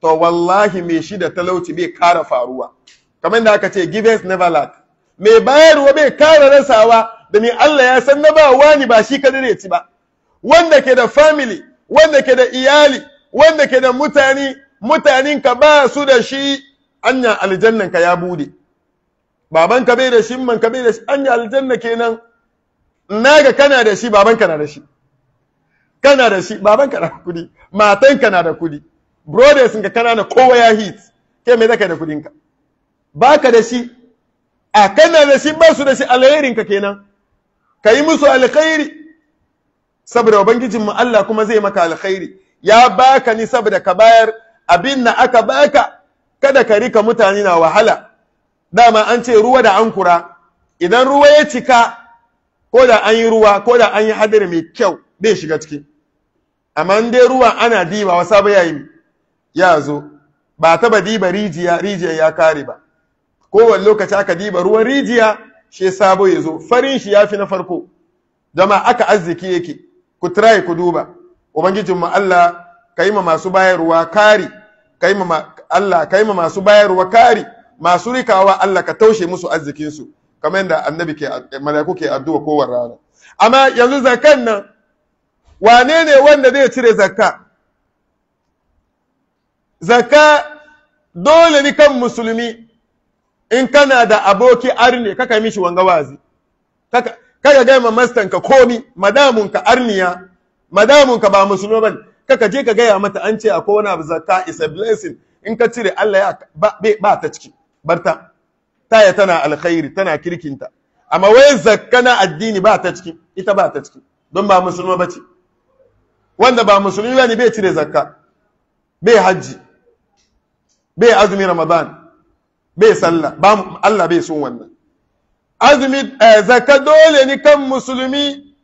to wallahi mai shi da talauci bai kara faruwa kamar da aka ce us never lack mai bayarwa bai kara rasawa da mai Allah ya san na ba wani ba shi kadai ne ci ba wanda ke da family wanda ke da iyali wanda ke da mutane mutanen ka ba su da shi anya aljannan ka ya bude baban ka bai da shi man ka bai da shi anya aljanna kenan naga kana da shi baban ka na da shi kana da shi baban ka na da kudi matan ka na da kudi brothers ka kana da kowa ya hit kai me zaka da kudin ka baka da shi a kana da shi ba su da shi alherinka kenan ka yi musu alkhairi saboda ubangijin mu Allah kuma zai maka alkhairi ya baka ni saboda ka bayar abin da aka baka kada ka rika mutane na wahala dama an ce ruwa da ankura idan ruwa ya cika ko da an yi ruwa ko da an yi hadari mai kyau bai shiga ciki amma in dai ruwa ana diba wasa ba ya zo ba taba diba rijiya rijiya ya kare ba kowane lokaci aka diba ruwan rijiya shi sabo ya zo farin shi ya fi na farko dama aka arziki yake ku turai ku duba ubangijin mu Allah kai ma masu bayarwa kari kai ma Allah kai ma masu bayarwa kari masu rikawa Allah ka taushe musu arzikinsu. su kamar yadda annabi ke malaiku ke addu'a kowace rana amma yanzu zakan nan wane ne wanda zai cire zakka zakka dole ne kan musulmi in kana da aboki arne kaka mishi wanga wazi kaka gaya ga ma ka komi madamun ka arniya madamun ka ba musulmi bane kaka je ka gaya mata an ce akwai wani abu zakka is a blessing in ka cire Allah ya ba, ba ta ciki barta taya tana alkhairi tana kirkinta amma wai zakka na addini ba ta ciki ita ba ta ciki don ba musulmi bace wanda ba musulmi bane bai cire zakka bai hajji bai azumi ramadan bai sallah Allah bai sun wannan azumi eh, zaka dole ni kan musulmi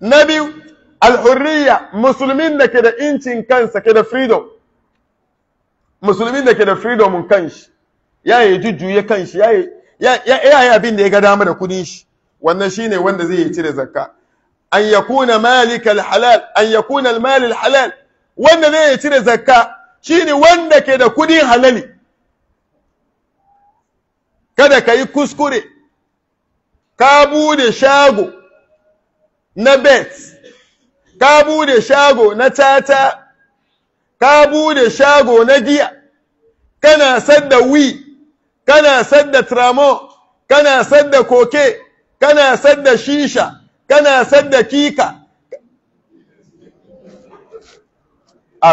na biyu alhurriya musulmin da ke da incin kansa ke da freedom musulmin da ke da freedom kan shi, ya yi jujjuye shi, ya yi abin da ya ga dama da kudin shi wannan shi ne wanda zai yi cire zakka an yakuna malikal halal an yakuna almal halal wanda zai yi cire zakka ne wanda ke da kudin halali kada ka yi kuskure ka bude shago na bet ka bude shago na tata ka bude shago na giya kana sadda wi kana sadda tramo kana sadda koke kana sadda shisha kana sadda kika a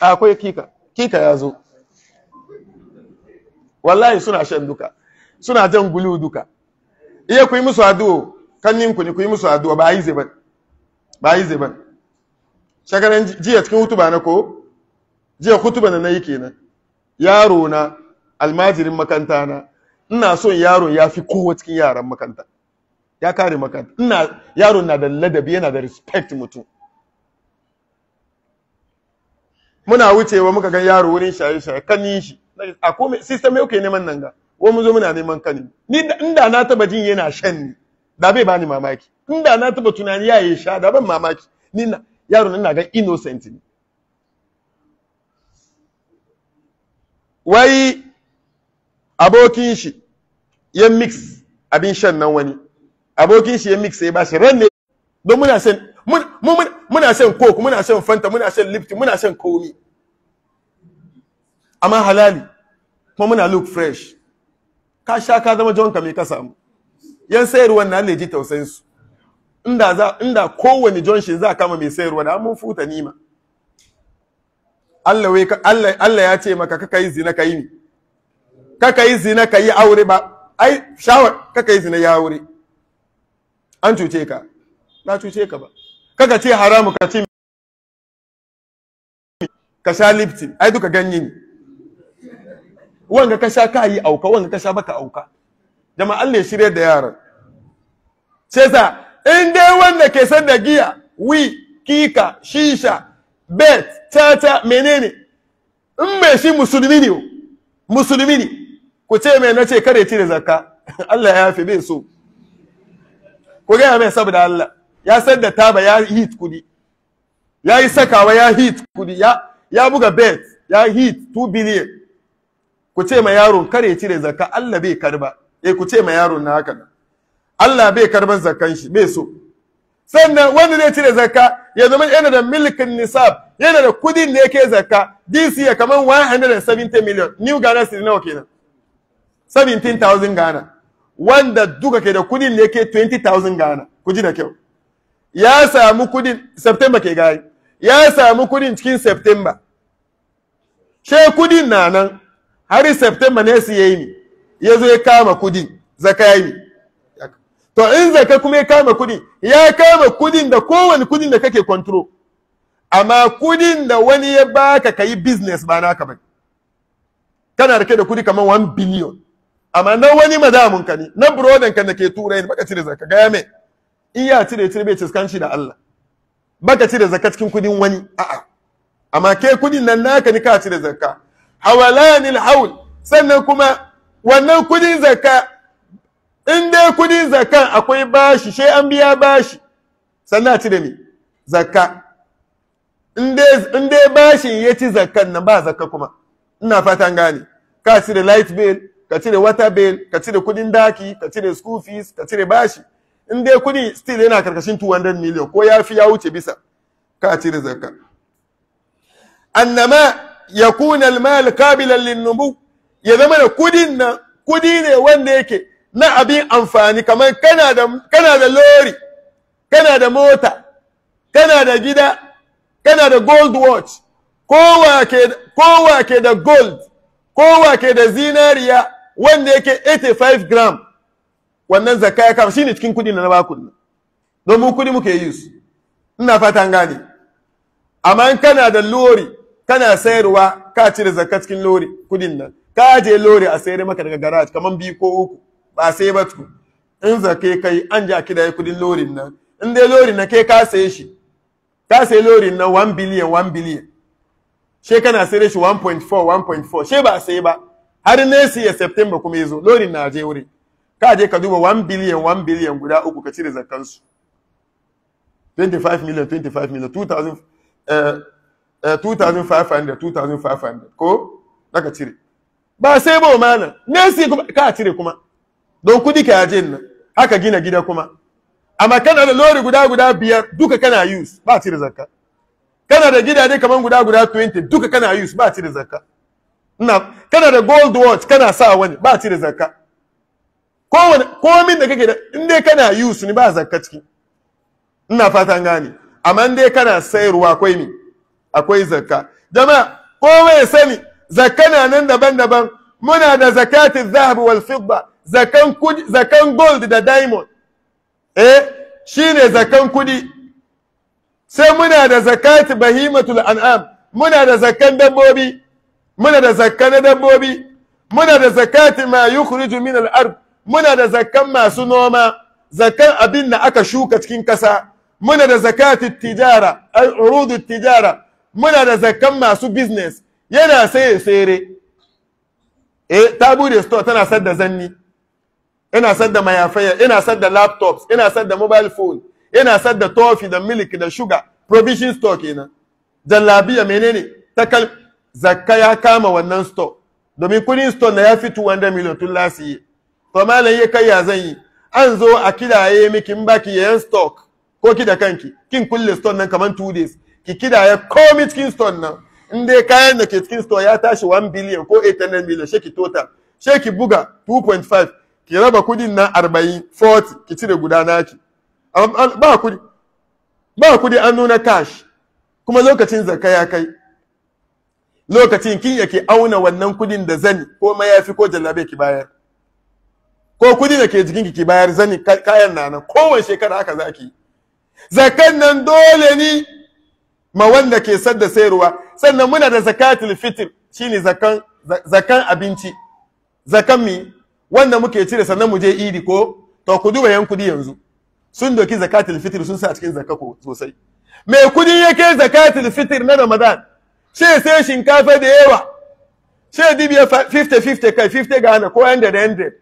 akwai kika kika ya zo wallahi suna shan duka suna jan gulu duka iya ku yi musu addu'o kannin ku ne ku yi musu addu'o. ba yi zeban ba yi zeban shagaran jiya cikin hutuba na ko jiya hutuba na nayi kenan yaro na almajirin makanta na ina son yaro ya fi kowa cikin yaran makanta ya kare makanta ina yaro na da ladabi yana da respect mutum muna wucewa muka gan yaro wurin shaye-shaye kanin shi a kome sister me yake neman nan ga wa mun zo muna neman kani ni inda na taba jin yana shan ni da bai bani mamaki inda na taba tunani ya sha da ban mamaki ni na yaro nan na ga innocent ne wai abokin shi ya mix abin shan nan wani abokin shi ya mix sai ba shi ran ne don muna san muna san coke muna san fanta muna san lipton muna san komi amma halali kuma muna look fresh ka sha ka zama jonka mai ka samu yan sayarwa na Allah ji tausayin inda kowane jonshi za kama mai sayarwa da mun futa nima Allah ya ce maka kaka yi zina yi ni kaka yi zina yi aure ba ai shawar kaka yi zina ya aure an cuce ka na cuce ka ba kaka ce haramu ka ce ka sha liftin ai duka ganye ne wanga ka sha ka yi auka wanga ka sha baka auka jama Allah ya shirye da yaran sai sa in dai wanda ke san da giya wi kika shisha bet tata menene in me shi musulmi ne musulmi ne ku ce mai nace kare cire zakka Allah ya yafe bin so ku gaya me saboda Allah ya san da taba ya hit kudi ya yi sakawa ya hit kudi ya buga bet ya hit 2 billion ku ce ma yaron kare ya cire zakka Allah bai karba eh ku ce ma yaron na haka Allah bai karban zakkan shi bai so sannan wanda zai cire zakka ya zama yana da milkin nisab yana da kudin da yake zakka DC ya kaman 170 million new Ghana cedi nawa kenan 17,000 Ghana wanda duka ke da kudin da yake 20,000 Ghana ku ji da kyau ya samu kudin September ke gari ya samu kudin cikin September she kudin na nan har september ne su yayi ni, ya zo ya kama kudi zaka yayi to in zaka kuma ya kama kudi ya kama kudin da kowane kudin da kake control amma kudin da wani ya baka kayi business ba naka ba kana rike da kudi kamar 1 billion amma na wani madamun ka ne na brodan ka da ke turai ne baka cire zakka ga me iya cire cire bai ciskanci da Allah baka cire zakka cikin kudin wani a'a amma ke kudin nan naka ne ka cire zakka hawalani haul sannan kuma wannan kudin zakka in dai kudin zakkan akwai bashi sai an biya bashi sannan a ci da ni zakka in dai bashin ya ci zakkan nan ba zakka kuma ina fatan gane ka ci da light bill ka ci da water bill ka ci da kudin daki ka ci da school fees ka ci da bashi in dai kudi still yana karkashin 200 million ko ya fi ya wuce bisa ka ci da zakka annama ya kuna almal qabilan linnumu ya zama da kudin nan kudi ne wanda yake na abin amfani kamar kana da kana da lori kana da mota kana da gida kana da gold watch kowa ke kowa ke da gold kowa ke da zinariya wanda yake 85 gram wannan zakka ya kama shine cikin kudi na baku don mu kudi muke use ina fatan gane amma in kana da lori kana sayarwa ka cire zakka cikin lori kudin nan ka je lori a sayar maka daga garage kaman biyu ko uku ba sai ba tuku in zake kai an ja ki da kudin lorin nan in dai lorin na kai ka saye shi ka sayi lorin na 1 billion 1 billion she kana sayar shi 1.4 1.4 she ba sai ba har ne siya september kuma yazo lorin na je wuri ka je ka duba 1 billion 1 billion guda uku ka cire zakkan su 25 million 25 million 2000 uh, 2,500 eh, 2,500 ko naka cire ba sai ba malam nesi kuma ka cire kuma don kudi ka yaje nan haka gina gida kuma amma kana da lori guda guda biyar duka kana use ba cire zakka kana da gidaje kaman guda guda 20 duka kana use ba cire zakka ina kana da gold watch kana sa wani ba cire zakka kowane min da kake da in kana use ni ba zakka ciki ina fatan gane amma in kana sayarwa akwai ni akwai zakka jama'a kowa ya sani zakka na nan daban-daban muna da zakati zahab wal fidda zakan kudi zakan gold da diamond eh shine zakan kudi sai muna da zakati bahimatul an'am muna da zakan dabbobi muna da zakka na dabbobi muna da zakati ma yukhriju min al-ard muna da zakkan masu noma zakkan abin da aka shuka cikin kasa muna da zakati tijara al-urud tijara muna da zakkan masu business yana ya sere eh ta bude store tana sadda zanni ina sadda mayafaya ina sadda laptops ina sadda mobile phone ina sadda toffee da milk da sugar provision store kenan jallabiya menene takal zakka ya kama wannan store domin kudin store na ya fi 200 million tun last year to malam ya kai ya zan yi an zo a kidaye miki in baki yayan stock ko ki da kanki kin kulle store nan kaman 2 days ki kidaya komi cikin store nan in dai kayan da ke cikin store ya tashi 1 billion ko 800 million sheki tota, sheki buga 2.5 ki raba kudin na 40 40 ki cire guda naki ba kudi ba kudi an nuna cash kuma lokacin zakka ya kai lokacin kin yake auna wannan kudin da zani ko mayafi ko jallabe ki bayar ko kudi da ke jikin ki bayar zani kayan nana kowace shekara haka zaki zakan nan dole ni ma wanda ke sadda sayarwa sannan muna da zakatul fitr shine zakan zakan abinci zakan mi wanda muke cire sannan mu je idi ko to ku duba yan kudi yanzu sun doki zakatul fitr sun sa cikin zakka ko sosai mai kudi yake zakatul fitr na ramadan she sai shinkafa da yawa she dibiya 50 50 kai 50 gana ko 100 100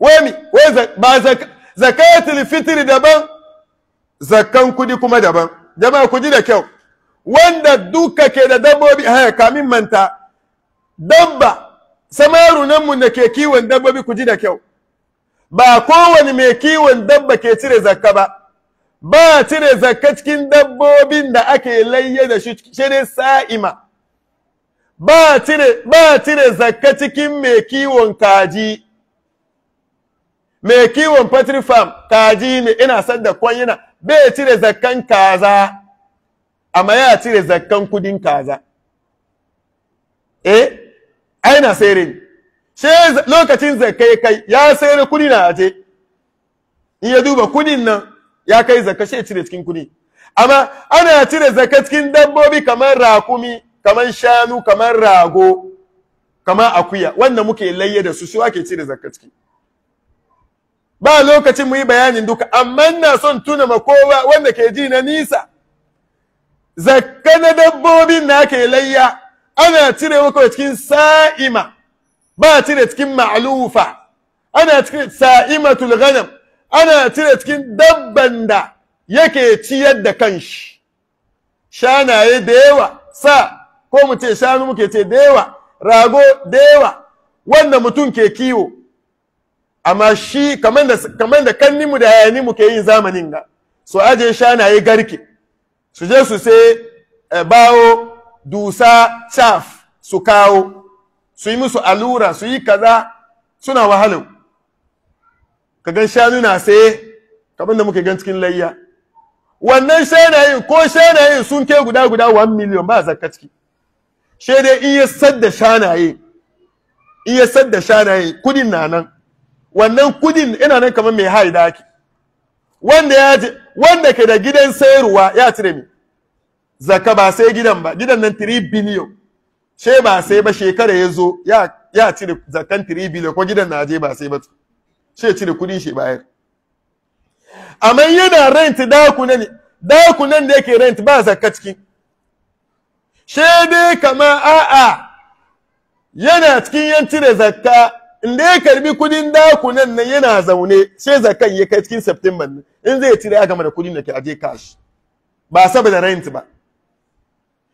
wai mi wai ba zakatul fitr daban zakan kudi kuma daban jama'a ku ji da kyau wanda duka ke da dabbobi haya eh, kamin manta dabba samarunanmu da ke kiwon dabbobi ku ji da kyau ba kowane mai kiwon dabba ke cire zakka ba ba cire zakka cikin dabbobin da ake layya da shi shirin sa'ima ba cire ba cire zakka cikin mai kiwon kaji mai kiwon poultry farm kaji ne ina sadda kwanyina bai cire zakkan kaza amma ya cire zakkan kudin kaza eh aina sayar she lokacin zakkai kai ya sayar kudi na aje in ya duba kudin nan ya kai zakka she cire cikin kudi amma ana cire zakka cikin dabbobi kamar rakumi kamar shanu kamar rago kamar akuya Wanda muke layye da su su ake cire zakka ciki ba lokacin mu yi bayanin duka amma ina son tuna ma kowa wanda ke ji na nisa zakka na dabbobin da aka yi layya ana cire maka cikin sa'ima ba cire cikin ma'lufa ana cire sa'imatul ghanam ana cire cikin dabban da yake ciyar da kanshi shanaye da yawa sa ko mu ce shanu muke ce da yawa rago da yawa wanda mutum ke kiwo amma shi kamar da kanninmu da mu ke yin zamanin ga so aje shanaye garke su je su sai eh, bawo dusa chaf su kawo su yi musu allura su yi kaza suna wahalau ka gan shanu na sai kamar da muke gan cikin layya wannan shanayin ko shanayin sun ke guda guda 1 miliyan ba zakka ciki she dai in ya sadda shanaye in ya sadda shanaye kudin na nan wannan kudin ina nan kamar mai haida ki wanda ya wanda ke da gidan sayarwa ya cire mi zaka ba sai gidan ba gidan nan 3 biliyon she ba sai ba shekara ya zo ya ya cire zakan 3 biliyon ko gidan na je ba sai ba she cire kudi shi bayar amma yana rent dakunan dakunan da yake rent ba zakka cikin she dai kama a'a yana cikin yan cire zakka in da ya karbi kudin dakunan nan yana zaune sai zakan ya kai cikin september nan in zai cire gama da kudin da ke aje cash ba saboda rent ba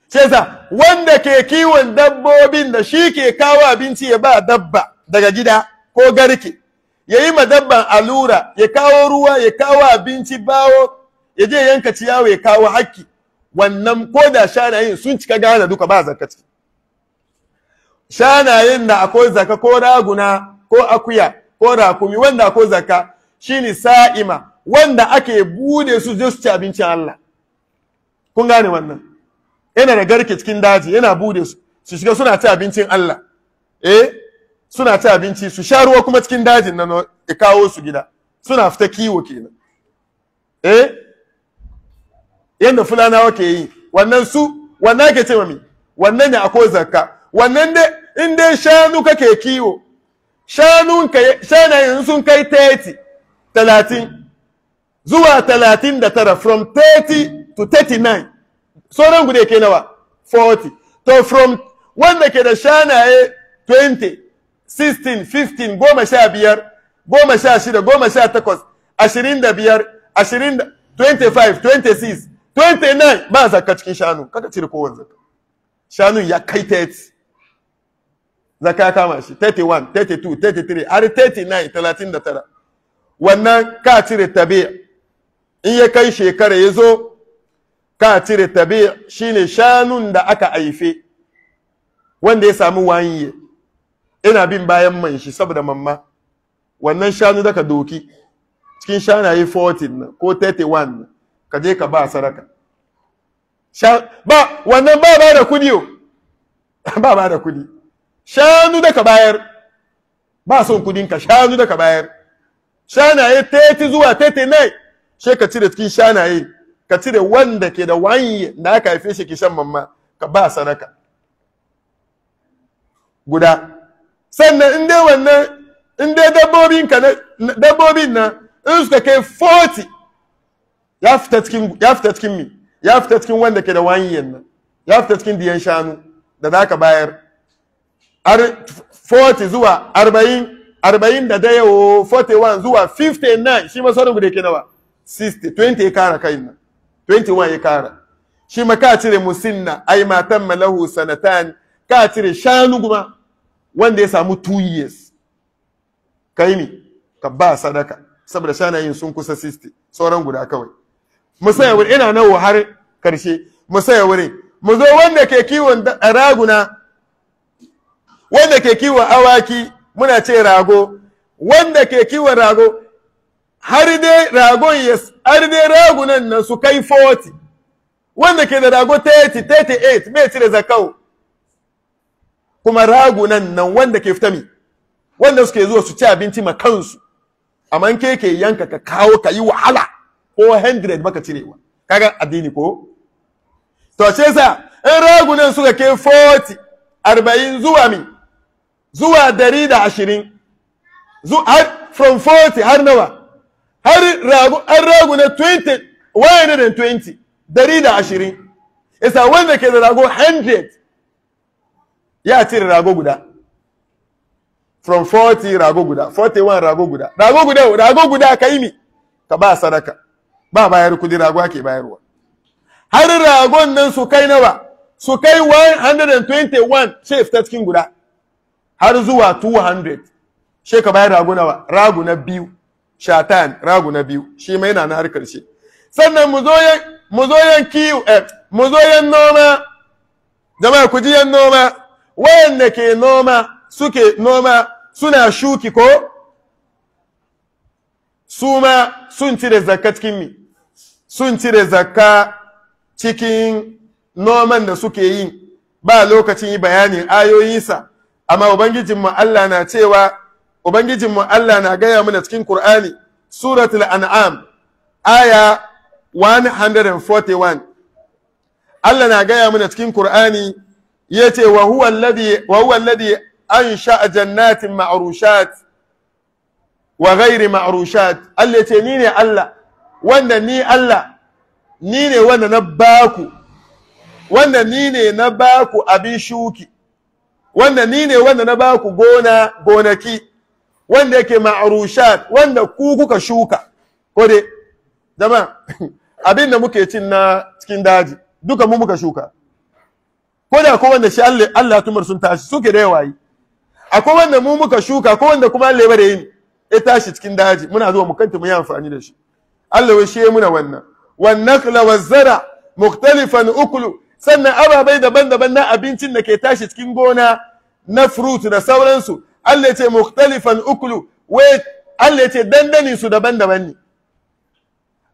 sai sa wanda ke kiwon dabbobin da shi ke kawo abinci ya ba dabba daga gida ko garke ya yi ma dabban alura ya kawo ruwa ya kawo abinci bawo ya je yanka ciyawa ya kawo hakki wannan ko da shanayin sun cika gane duka ba zakka ciki shanayen da akwai zaka ko raguna ko akuya ko rakumi wanda akwai zaka shine sa'ima wanda ake bude su je su ci abincin Allah kun gane wannan yana da garke cikin daji yana bude su su shiga suna ci abincin Allah eh suna ci abinci su sha ruwa kuma cikin dajin nan ya kawo su gida suna fita kiwo kenan eh yanda fulana ke yi wannan su wannan ke ce mami wannan ne akwai zakka wannan dai in dai shanu kake kiwo shanun shanayen sun kai 30 30 zuwa 39 from 30 to 39 sauran gude ke nawa 40 to from wanda ke da shanaye 20 16 15 goma sha biyar goma sha shida goma sha takwas ashirin da biyar ashirin da 25 26 29 ba zakka cikin shanu kaka cire kowane zakka shanun ya kai 30 zaka kama shi 31 32 33 har 39 39 wannan ka cire tabi'a in ya kai shekara ya zo ka cire tabi'a shine shanun da aka haife wanda ya samu wanye ina bin bayan man shi saboda mamma wannan shanu da ka doki cikin shanaye 14 ko 31 ka je ka ba saraka ba wannan ba ba da kudi ba ba da kudi shanu da ka bayar ba son kudin ka shanu da ka bayar shanaye tete zuwa ne she ka cire cikin shanaye ka cire wanda ke da wanye da aka haife shi ki shan mamma ka ba sadaka guda sannan in dai wannan in dai dabbobin ka dabbobin na in suka kai 40 ya fita cikin ya fita cikin mi ya fita cikin wanda ke da wanyen nan ya fita cikin diyan shanu da zaka bayar 40 zuwa 40 40 da daya 41 zuwa 59 shi ma sauran da ke nawa 60 20 ya kara kai nan 21 ya kara shi ma ka cire musinna ai matan malahu sanatan ka cire shanu kuma wanda ya samu 2 years yi mi ka ba sadaka saboda shanayin sun kusa 60 sauran guda kawai musaya wurin ina nawa har karshe musaya wuri mu zo wanda ke kiwon raguna wanda ke kiwon awaki muna ce rago wanda ke kiwon rago har dai ragon ya har dai ragunan nan su kai 40 wanda ke da rago 30 38 bai cire zakau kuma ragunan nan wanda ke fitami wanda suke zuwa su ci abinci ma kansu amma ke ke yanka ka kawo ka yi wahala ko 100 baka cirewa kaga addini ko to ce sa in ragunan suka ke 40 40 zuwa mi zuwa dari da ashirin har from 40 har nawa har ragu an ragu na 20 120 dari da ashirin isa wanda ke da rago 100 ya cire rago guda from 40 rago guda 41 rago guda rago guda rago guda ka yi mi ka ba sadaka ba bayar kudi rago ake bayarwa har ragon nan su kai nawa su kai 121 sai ta cikin guda har zuwa 200 shi ka bayar raguna wa raguna biyu shatan raguna biyu shi mai yana na harkar shi sannan mu zo yan kiwo eh mu zo yan noma jama'a ku ji yan noma wayanda ke noma suke noma suna shuki ko su ma sun cire zakka cikin mi sun cire zakka cikin noman da suke yi ba lokacin yi bayanin ayoyinsa amma ubangijinmu Allah na cewa ubangijinmu Allah na gaya mana cikin Qur'ani suratul an'am aya 141 Allah na gaya mana cikin Qur'ani yace wa huwa alladhi wa huwa alladhi ansha'a jannatin ma'rushat wa ghairi ma'rushat Allah yace ni ne Allah wanda ni Allah ni ne wanda na baku wanda ni ne na baku abin shuki wanda ni ne wanda na ba ku gona gonaki wanda yake ma'arushat wanda ku kuka shuka ko dai jama abin da muke cin na cikin daji duka mu muka shuka ko da ko wanda shi Allah Allah tumar sun tashi suke da yawayi akwai wanda mu muka shuka ko wanda kuma Allah ya bare yini. ya tashi cikin daji muna zuwa mu kanta mu yi amfani da shi Allah ya shi muna wannan Wannan nakla wazara mukhtalifan uklu sannan ababai daban-daban na abincin da ke tashi cikin gona na fruit da sauransu Allah ya ce mukhtalifan ukulu wai Allah ce dandanin su daban-daban ne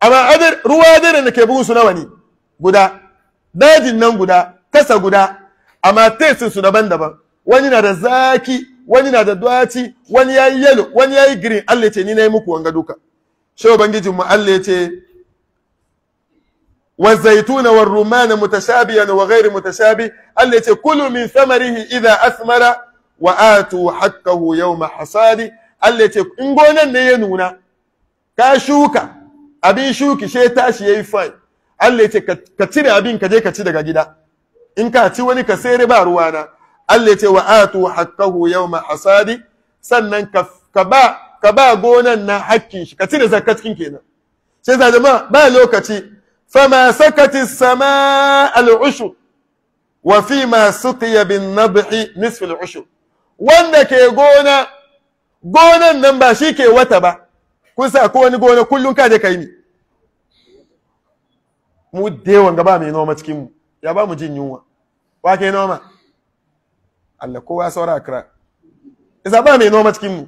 amma ruwa dare da ke bugun su nawa ne guda dajin nan guda kasa guda amma tesin su daban-daban wani na da zaki wani na da dwaci wani yayi yellow wani yayi green Allah ya ce ni nayi muku wanga duka sai ubangijin mu Allah ya ce wa zaituna wa rumana mutashabiyan wa ghairu mutashabi Allah yace kulu min samarihi idan asmara wa atu haqqahu yawma hasadi Allah ya ce in gonan ne ya nuna ka shuka abin shuki shi she tashi yi fine Allah ya ce ka cire abin ka je ka ci daga gida in ka ci wani ka sai ba ruwana Allah ya ce wa atu haqqahu yawma hasadi sannan ka ba gonan na hakkin shi ka cire zakatkin kenan sai za jama'a ba lokaci فما سكت السماء العشر وفيما سقي بالنضح نصف العشر wanda ke gona gonan nan ba shi ke wata ba kun sa ko wani gona kullum ka je kai ni mu dewan gaba mai noma cikin ya ba mu jin yunwa wa ke noma Allah kowa saura kira isa ba mai noma cikin mu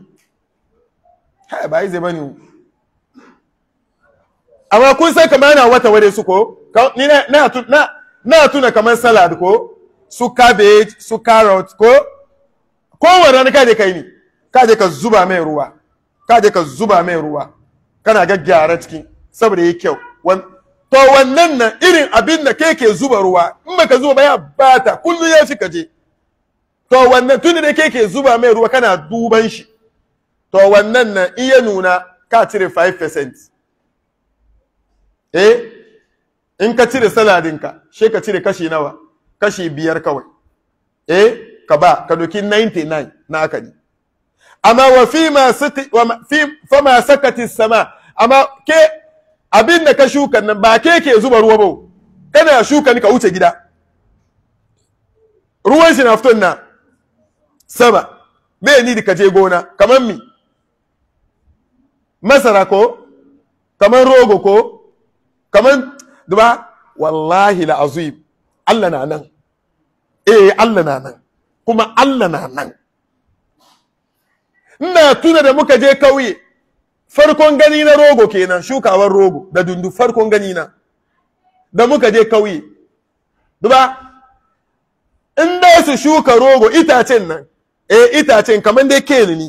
hai ba zai bani amma kun san kamar yana wata ware su ko ni na tuna kamar salad ko su cabbage su carrot ko kowane rana ka je kai ni kaje ka zuba mai ruwa kaje ka zuba mai ruwa kana gaggyara ciki saboda yi kyau to wannan nan irin abin da kai ke zuba ruwa in ba ka zuba ba ya bata kullum ya fi kaje to wannan tun da kai ke zuba mai ruwa kana duban shi to wannan nan iya nuna ka cire 5% eh in ka cire saladinka she ka cire kashi nawa kashi biyar kawai eh ka ba ka doki 99 na akali amma wa fi ma sati wa fi fa ma sakati sama amma ke abin da ka shuka nan ba ke ke zuba ruwa ba kana shuka ni ka wuce gida ruwan shi na fito na sama bai ni da kaje gona kamar mi masara ko kamar rogo ko kaman duba wallahi la'azim Allah na nan eh Allah na nan kuma Allah na nan ina tuna da muka je kauye farkon gani na rogo kenan shukawar rogo da dundu farkon gani na da muka je kauye duba in da su shuka rogo itacen nan eh itacen kamar dai kele ni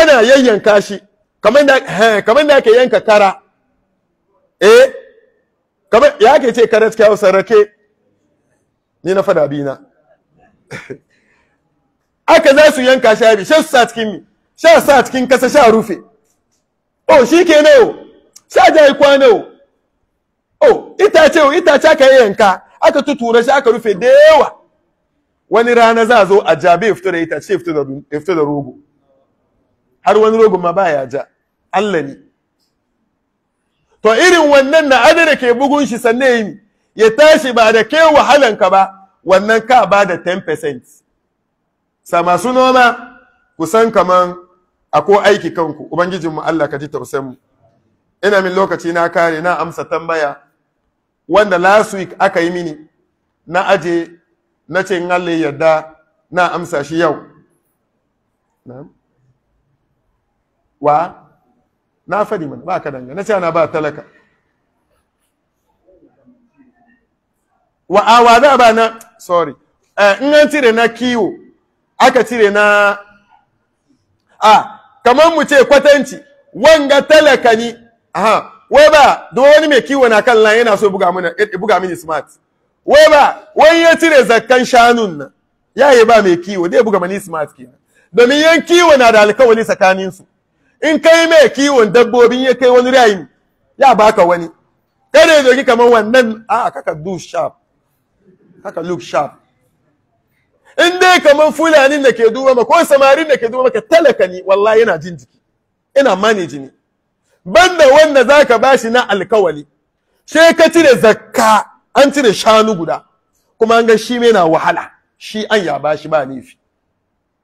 ana yayyanka shi kamar da eh, ke da yanka kara eh kamar ya ke ce karat kyau sarake ni na fada bina aka za su yanka shi abi shan sa cikin mi sha sa cikin kasa sha rufe oh shi ke nayo sha jayi kwano oh itace oh itace aka yi yanka aka tutura shi aka rufe da yawa wani rana za a zo a jabe ya fito da itace ya fito da rogo har wani rogo ma ba ya ja Allah ne to irin wannan na adada ke bugun shi sanne ya tashi ba da ke wahalanka ba wannan ka ba da 10% sa masu noma kusan kaman ako aiki kanku ubangijinmu Allah ka ji tausayinmu mu ina min lokaci na kare na amsa tambaya wanda last week aka yi mini na aje na ce in Allah yarda na amsa shi yau wa na faɗi mana ba ka danga na ce ana ba talaka wa awa za ba na sorry eh, in an cire na kiwo aka cire na a kamar mu ce kwatanci wanga talaka ni aha wai ba don wani mai kiwo na kan lan yana so buga mini eh, buga mini smart wai ba wani ya cire zakkan shanun nan yayi ba mai kiwo dai buga mini smart kenan domin yan kiwo na da alkawali tsakanin su in kai mai kiwon dabbobin ya kai wani rayin ya baka wani kada ya doki kamar wannan a kaka du sharp kaka look sharp in dai kamar fulani da ke duba ma ko samarin da ke duba maka talaka ni wallahi yana jin jiki ina manage ne banda wanda zaka bashi na alkawali sai ka cire zakka an cire shanu guda kuma an ga shi mai na wahala shi an ya bashi ba nifi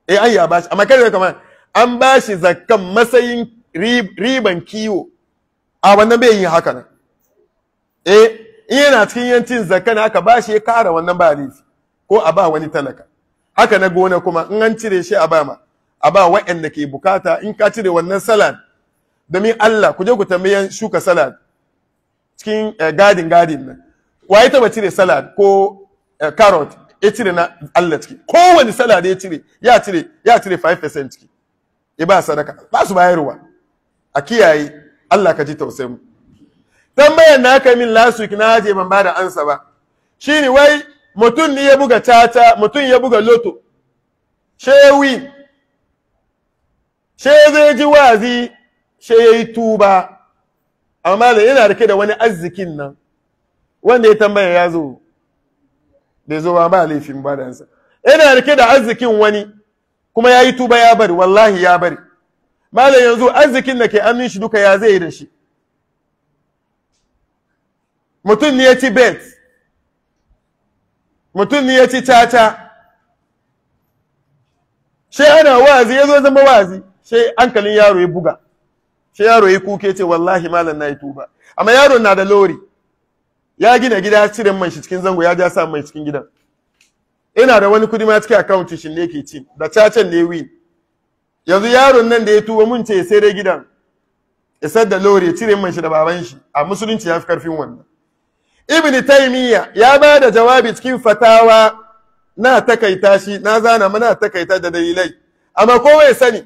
eh an ya bashi amma kada kamar an ba shi zakkan matsayin riban kiwo a wannan bai yi haka nan eh in yana cikin yancin zakka na aka ba shi ya kara wannan ba laifi ko a ba wani talaka haka na gona kuma in an cire shi a ba ma a ba waɗanda ke bukata in ka cire wannan salad domin Allah ku je ku tambayan shuka salad cikin eh, gadin gadin nan Wa ya taba cire salad ko eh, carrot ya cire na Allah ciki kowane salad ya cire ya cire ya cire 5% ciki ya ba sadaka ba su bayarwa a kiyaye Allah ka ji tausayin tambayar da aka min last week na je ban ba da ansa ba shine wai mutum ne ya buga tata mutum ya buga loto shewi she zai ji wazi she yayi tuba amma da yana rike da wani arzikin nan wanda ya tambaya ya zo da zo ba ba laifin ba da ansa yana rike da arzikin wani kuma ya yi tuba ya bari wallahi ya bari malam yanzu arzikin da ke amin shi duka ya zai yi da shi mutum ne ya ci bet mutum ne ya ci caca sai ana wazi ya zo zama wazi sai hankalin yaro ya buga sai yaro ya kuke ce wallahi malam na yi tuba amma yaro na da lori ya gina gida cire man shi cikin zango ya ja sa man cikin gidan ina da wani kudi ma cikin account shi ne ke ci da cacen ne win yanzu yaron nan da ya tuba mun ce sai dai gidan isar da lori ya cire man shi da baban shi a musulunci ya fi karfin wannan ibn taymiya ya ba da jawabi cikin fatawa na takaita shi na zana mana takaita da dalilai amma ko wai sani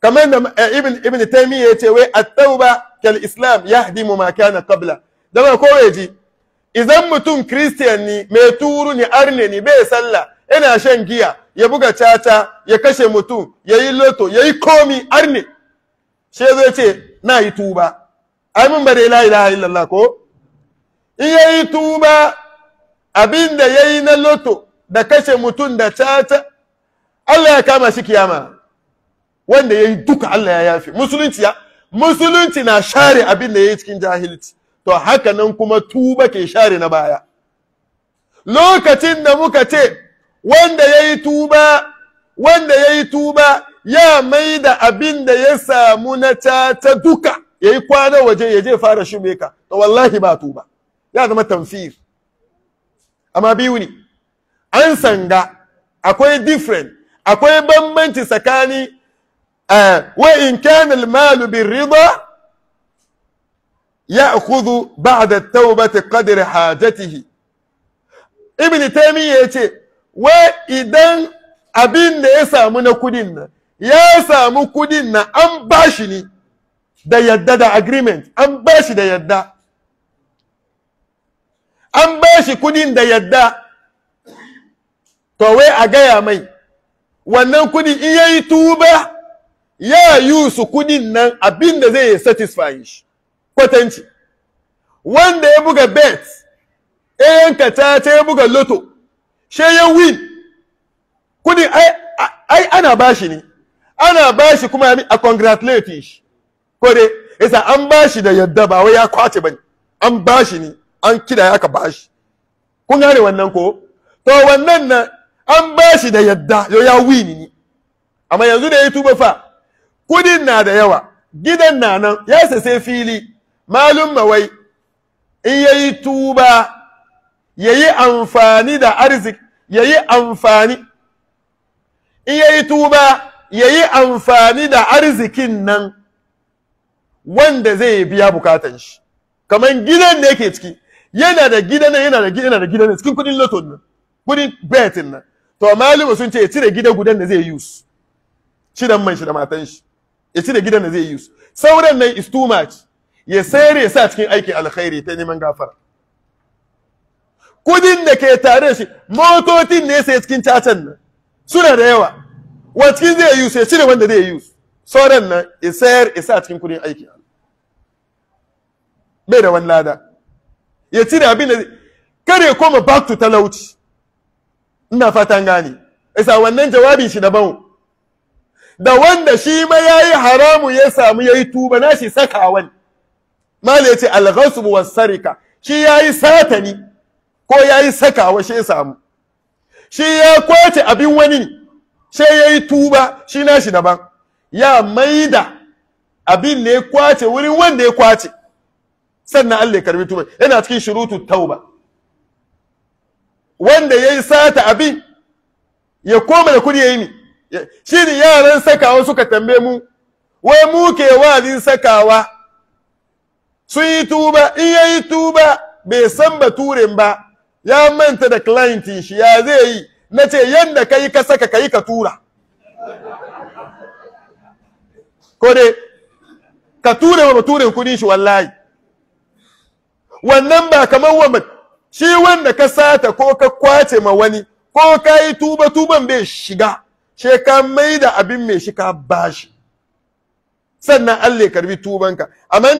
kamar da eh, ibn ibn taymiya ya ce wai at-tauba kal islam yahdimu ma kana qabla dama ko ya ji idan mutum kristiyan ni mai turu ni arne ni bai sallah yana shan giya ya buga caca ya kashe mutum ya yi loto ya yi komi arne shi zai ce na yi tuba ai mun bare la ilaha illallah ko in ya yi tuba abin da ya yi na loto da kashe mutum da caca Allah ya kama shi kiyama wanda ya yi duka Allah ya yafi musulunci ya musulunci na share abin da ya yi cikin jahilci to haka nan kuma tuba ke share na baya lokacin da muka ce wanda ya yi tuba wanda ya yi tuba ya mai da abin da ya samu na caca duka ya yi kwana waje ya je fara ka, to wallahi ba tuba ya zama tamfir amma biyu ne an sanga akwai different akwai bambanci tsakani eh, wa in kana al malu ya'khudhu ba'da at-taubati qadra hajatihi ibn taymiya yace wai idan abin da ya samu na kudin nan ya samu kudin nan an bashi ne da yadda da agreement an bashi da yadda an bashi kudin da yadda to wai a gaya mai wannan kudi in yayi tuba ya yusu kudin nan abin da zai satisfy shi kwatanci wanda ya buga bet ya yanka ta ta ya buga loto shi ya win kudi ai ana bashi ne ana bashi kuma a congratulate shi ko dai yasa an bashi da yadda ba wai ya kwace bane an bashi ne an kida ya ka bashi kun gane wannan ko to wannan nan an bashi da yadda yo ya win ne amma yanzu da ya tuba fa kudin na da yawa gidan na nan ya sase fili malum mawai in yayi tuba yayi amfani da arzik yayi amfani in yayi tuba yayi amfani da arzikin nan wanda zai biya bukatan shi kamar gidan da yake ciki yana da gidan nan yana da gidan yana da gidan cikin kudin loton nan kudin betin nan to malum sun ce ya cire gidan gudan da zai use cidan man shi da matan shi ya cire gidan da zai use sauran nan is too much ya sayar ya sa cikin aikin alkhairi ta neman gafara kudin da ke tare shi motocin ne sai cikin cacan nan suna da yawa wa cikin zai yi sai cire wanda zai yi sauran nan ya sayar ya sa cikin kudin aikin bai da wani lada ya cire abin da kare koma back to talauci ina fatan gane isa wannan jawabin shi daban da wanda shi ma yayi haramu ya samu yayi tuba na shi sakawan malai ya ce alghasu was sarika shi yayi satani ko yayi sakawa shi samu shi ya kwace abin wani ne shi yayi tuba shi na shi daban ya maida abin ne kwace wurin wanda ya kwace sannan Allah ya karbi tuba yana cikin shurutu tauba wanda yayi sata abin ya koma da kudi yayi ne shine yaran sakawa suka tambaye mu wai mu ke wazin sakawa sun yi tuba in ya yi tuba bai san baturin ba ya manta da clientin shi ya zai yi na ce yadda ka yi ka saka ka yi ka tura ko dai ka tura ma baturin kudin shi wallahi wannan ba kamar wa shi wanda ka sata ko ka kwace ma wani ko ka yi tuba tuban bai shiga she ka mai da abin mai shi ka bashi sannan allai karbi tubanka amma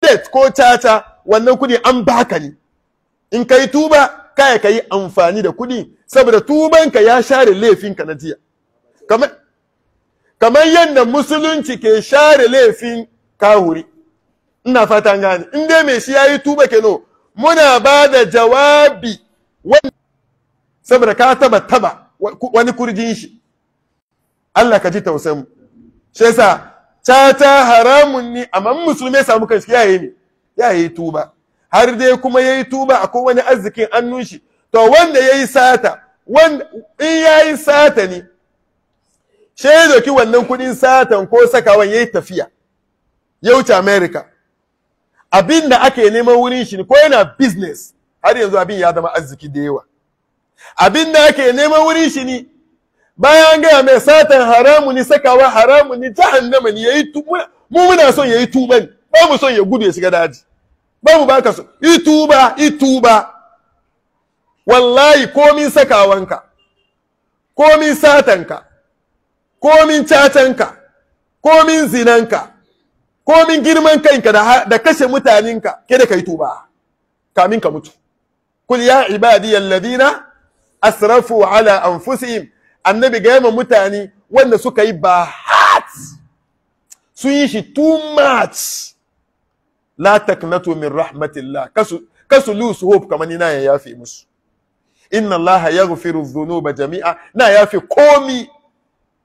bet ko caca wannan kudi an baka ne in kai tuba kai ka amfani da kudi saboda tubanka ya share laifinka na jiya kamar yadda musulunci ke share laifin kahuri ina fata gane in dai mai shi yayi tuba keno muna ba da jawabi saboda ka taba taba wani kurjin shi Allah ka ji tausayin mu shi yasa Cata haramun ni. amma musulmi ya samu kanshi ya yi ya yi tuba har dai kuma yayi tuba akwai wani arzikin annun shi to wanda ya yi sata wanda in ya sata ne shaido ki wannan kudin satan ko sakawan ya yi tafiya ya wuce america abin da ake neman wurin shi ko yana business har yanzu abin ya zama arziki da yawa abin da ake neman wurin shi ne bayan an gaya mai satan haramu ni sakawa haramu ni jahannama ni yayi tuba mu muna son yayi tuba ne ba mu son ya gudu ya shiga daji ba mu baka so ituba ituba wallahi komin sakawanka komin satanka komin cacanka komin zinanka komin girman kanka da, da kashe mutanenka ke da kai tuba kamin ka mutu kul ya ibadiyal ladina asrafu ala anfusihim annabi ga yamma mutane wanda suka yi ba hat sun yi shi too much la taknatu min rahmatillah kasu kasu lose hope kamar ni na ya yafe musu inna allaha yaghfiru dhunuba jami'a na yafe komi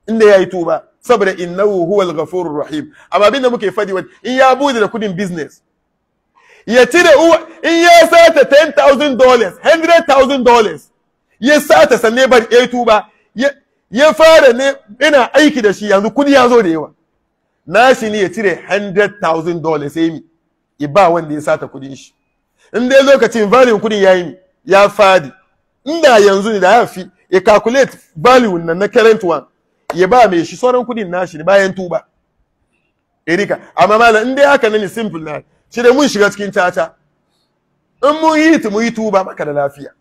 inda yayi tuba saboda innahu huwal ghafurur rahim amma abinda muke fadi wa in ya bude da kudin business ya cire uwa in ya sata $10,000 $100,000 ya sata sanne bar ya tuba ya fara ne ina aiki da shi yanzu kudi ya zo da yawa nashi ne ya cire 100,000 dollars sai mi i ba wanda ya sata kudin shi in dai lokacin value kudin yi mi ya fadi inda yanzu ne da ya fi ya calculate value nan na current one ya ba mai shi sauran kudin nashi ne bayan tuba erika amma malam in dai haka ne simple na shi mun shiga cikin caca in mun yi mu yi tuba maka da lafiya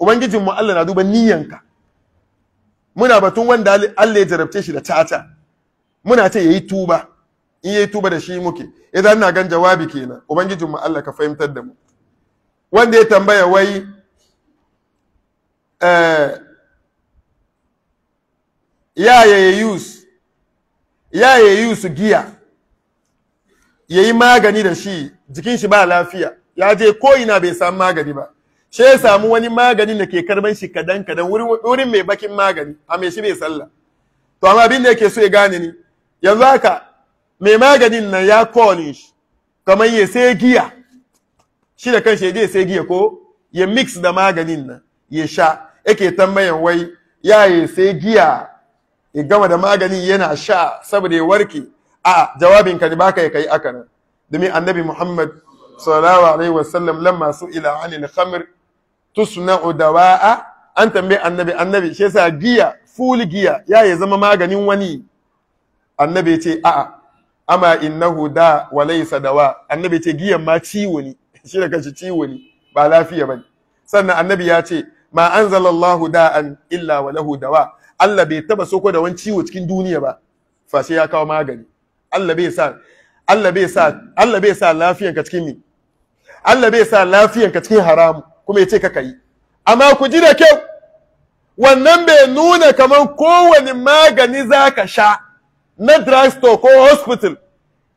ubangijin mu Allah na duba niyyanka muna batun wanda Allah ya jarabce shi da tata muna ce yayi tuba in yayi tuba da shi muke idan na gan jawabi kenan ubangijin mu Allah ka fahimtar da mu wanda ya tambaya wai eh ya ya yus ya ya yus giya yayi magani da shi jikin shi ba lafiya ya je ko ina bai san magani ba she ya samu wani magani da ke karban shi kadan kadan wurin mai bakin magani a mai shi mai sallah to amma abin da yake so ya gane ni yanzu haka mai maganin nan ya kone shi kamar ya sai giya shi da kanshi ya sai giya ko ya mix da maganin nan ya sha yake tambayan wai ya yi sai giya ya gama da maganin yana sha saboda ya warke a jawabin ka baka ya kai aka nan domin annabi muhammad sallallahu alaihi wasallam lamma su ila anil khamr tusna dawa'a an tambaye annabi annabi shi yasa giya full giya ya ya zama maganin wani annabi ce a'a amma innahu da wa laysa dawa annabi ce giyan ma ciwo ne shi da kashi ciwo ne ba lafiya bane sannan annabi ya ce ma anzalallahu da'an illa wa lahu dawa Allah bai taba soko da wani ciwo cikin duniya ba fashe ya kawo magani Allah bai sa Allah bai sa Allah bai sa lafiyanka cikin mi Allah bai sa lafiyanka cikin haramu kuma ya ce ka yi amma ku ji da kyau wannan bai nuna kamar kowane magani za ka sha na drugstore ko hospital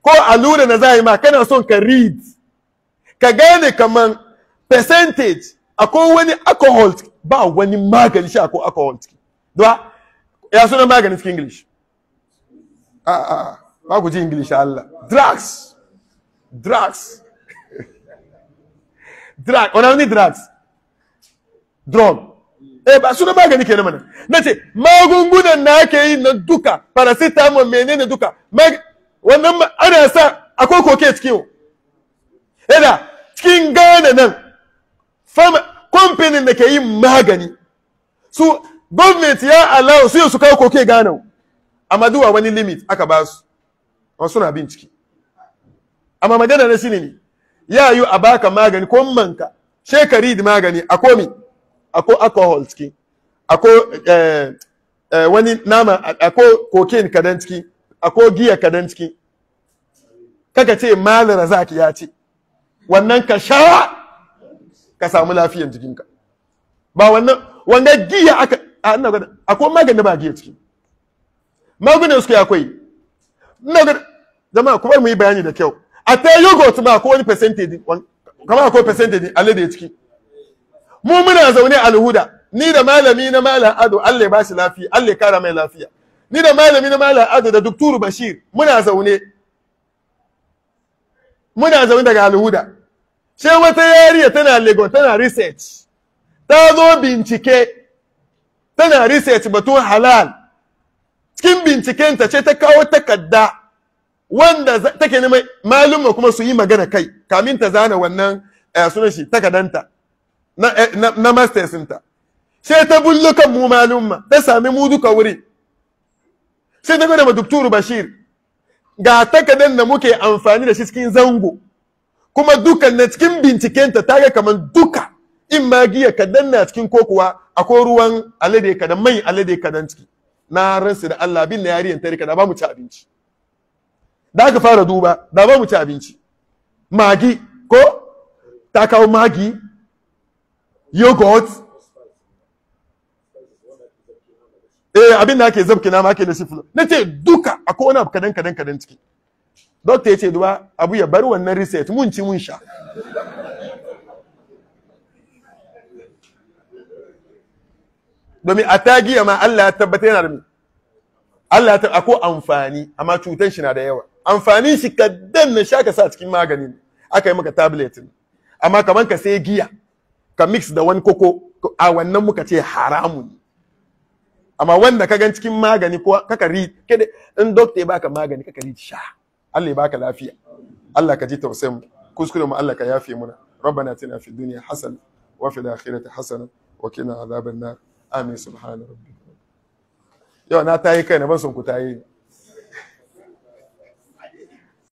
ko allura na zai ma kana son ka read ka gane kamar percentage akwai wani alcohol ba wani magani sha ko alcohol duwa ya suna magani cikin english ah, ah, ah, ba ku ji english Allah drugs drugs drag wani ni drugs drug eh ba suna magani kenan mana nace magungunan na ake yi na duka paracetamol menene duka wannan ana sa akwai koke cikin yana cikin gane nan kamfanin da ke yin magani su gwamnati ya allow su su kawo koke gane amma duwa wani limit aka ba su wasu na ciki amma magana na shine ne ya yi a baka magani ko manka shekari da magani a komi ako alcohol ciki ako eh, eh, wani nama ako cocaine kadan ciki ako giya kadan ciki kaka ce malin razaki ya ce wannan ka sha ka samu lafiyan jikinka ba wannan wanda giya aka a ina gwada akwai magani ba giya ciki magunan suke akwai ina gwada jama'a kuma mu yi bayani da kyau a ta yogurt ma ko wani percentage kamar akwai percentage ya ciki mu muna zaune alhuda ni da malami na malam ado Allah ya bashi lafiya Allah ya kara mai lafiya ni da malami na malam ado da doktoru bashir muna zaune muna zaune daga alhuda sai wata yariya tana lego tana research ta zo bincike tana research batun halal cikin bincikenta ce ta kawo takarda wanda take neman malumma kuma su yi magana kai kamin ta zana wannan eh, sunan shi takadanta eh, na, na, na ta sai ta bullukan mu malumma ta sami mu duka wuri sai ta gwada madukturu bashir ga takadan da muke amfani da shi cikin zango kuma dukan na cikin bincikenta ta ga kamar duka in ma giya kadan na cikin ko kuwa akwai ruwan alade kadan mai alade kadan ciki na ransu da Allah bin na yariyan kada ba mu ci abinci da aka fara duba da ba mu ci abinci magi ko ta kawo magi yogurt eh abin da ake zabki ma ake da shi fulo ce duka akwai wani abu kadan kadan kadan ciki ya ce duba abu ya bari wannan reset mun ci mun sha domin a tagiya ma Allah ya tabbata yana da mu Allah ya tabbata akwai amfani amma cutan shi na da yawa amfanin shi kaddan na sha ka sa cikin magani aka yi maka tablet amma kamar ka sai giya ka mix da wani koko a wannan muka ce haramun amma wanda ka gan cikin magani ko kaka ri kada in doctor ya baka magani kaka ri sha Allah ya baka lafiya Allah ka ji tausayin mu kuskure mu Allah ka yafe muna ربنا اتنا في الدنيا حسنه وفي hasana حسنه وقنا عذاب النار امين سبحان ربك yau na tayi kai na ban sun ku tayi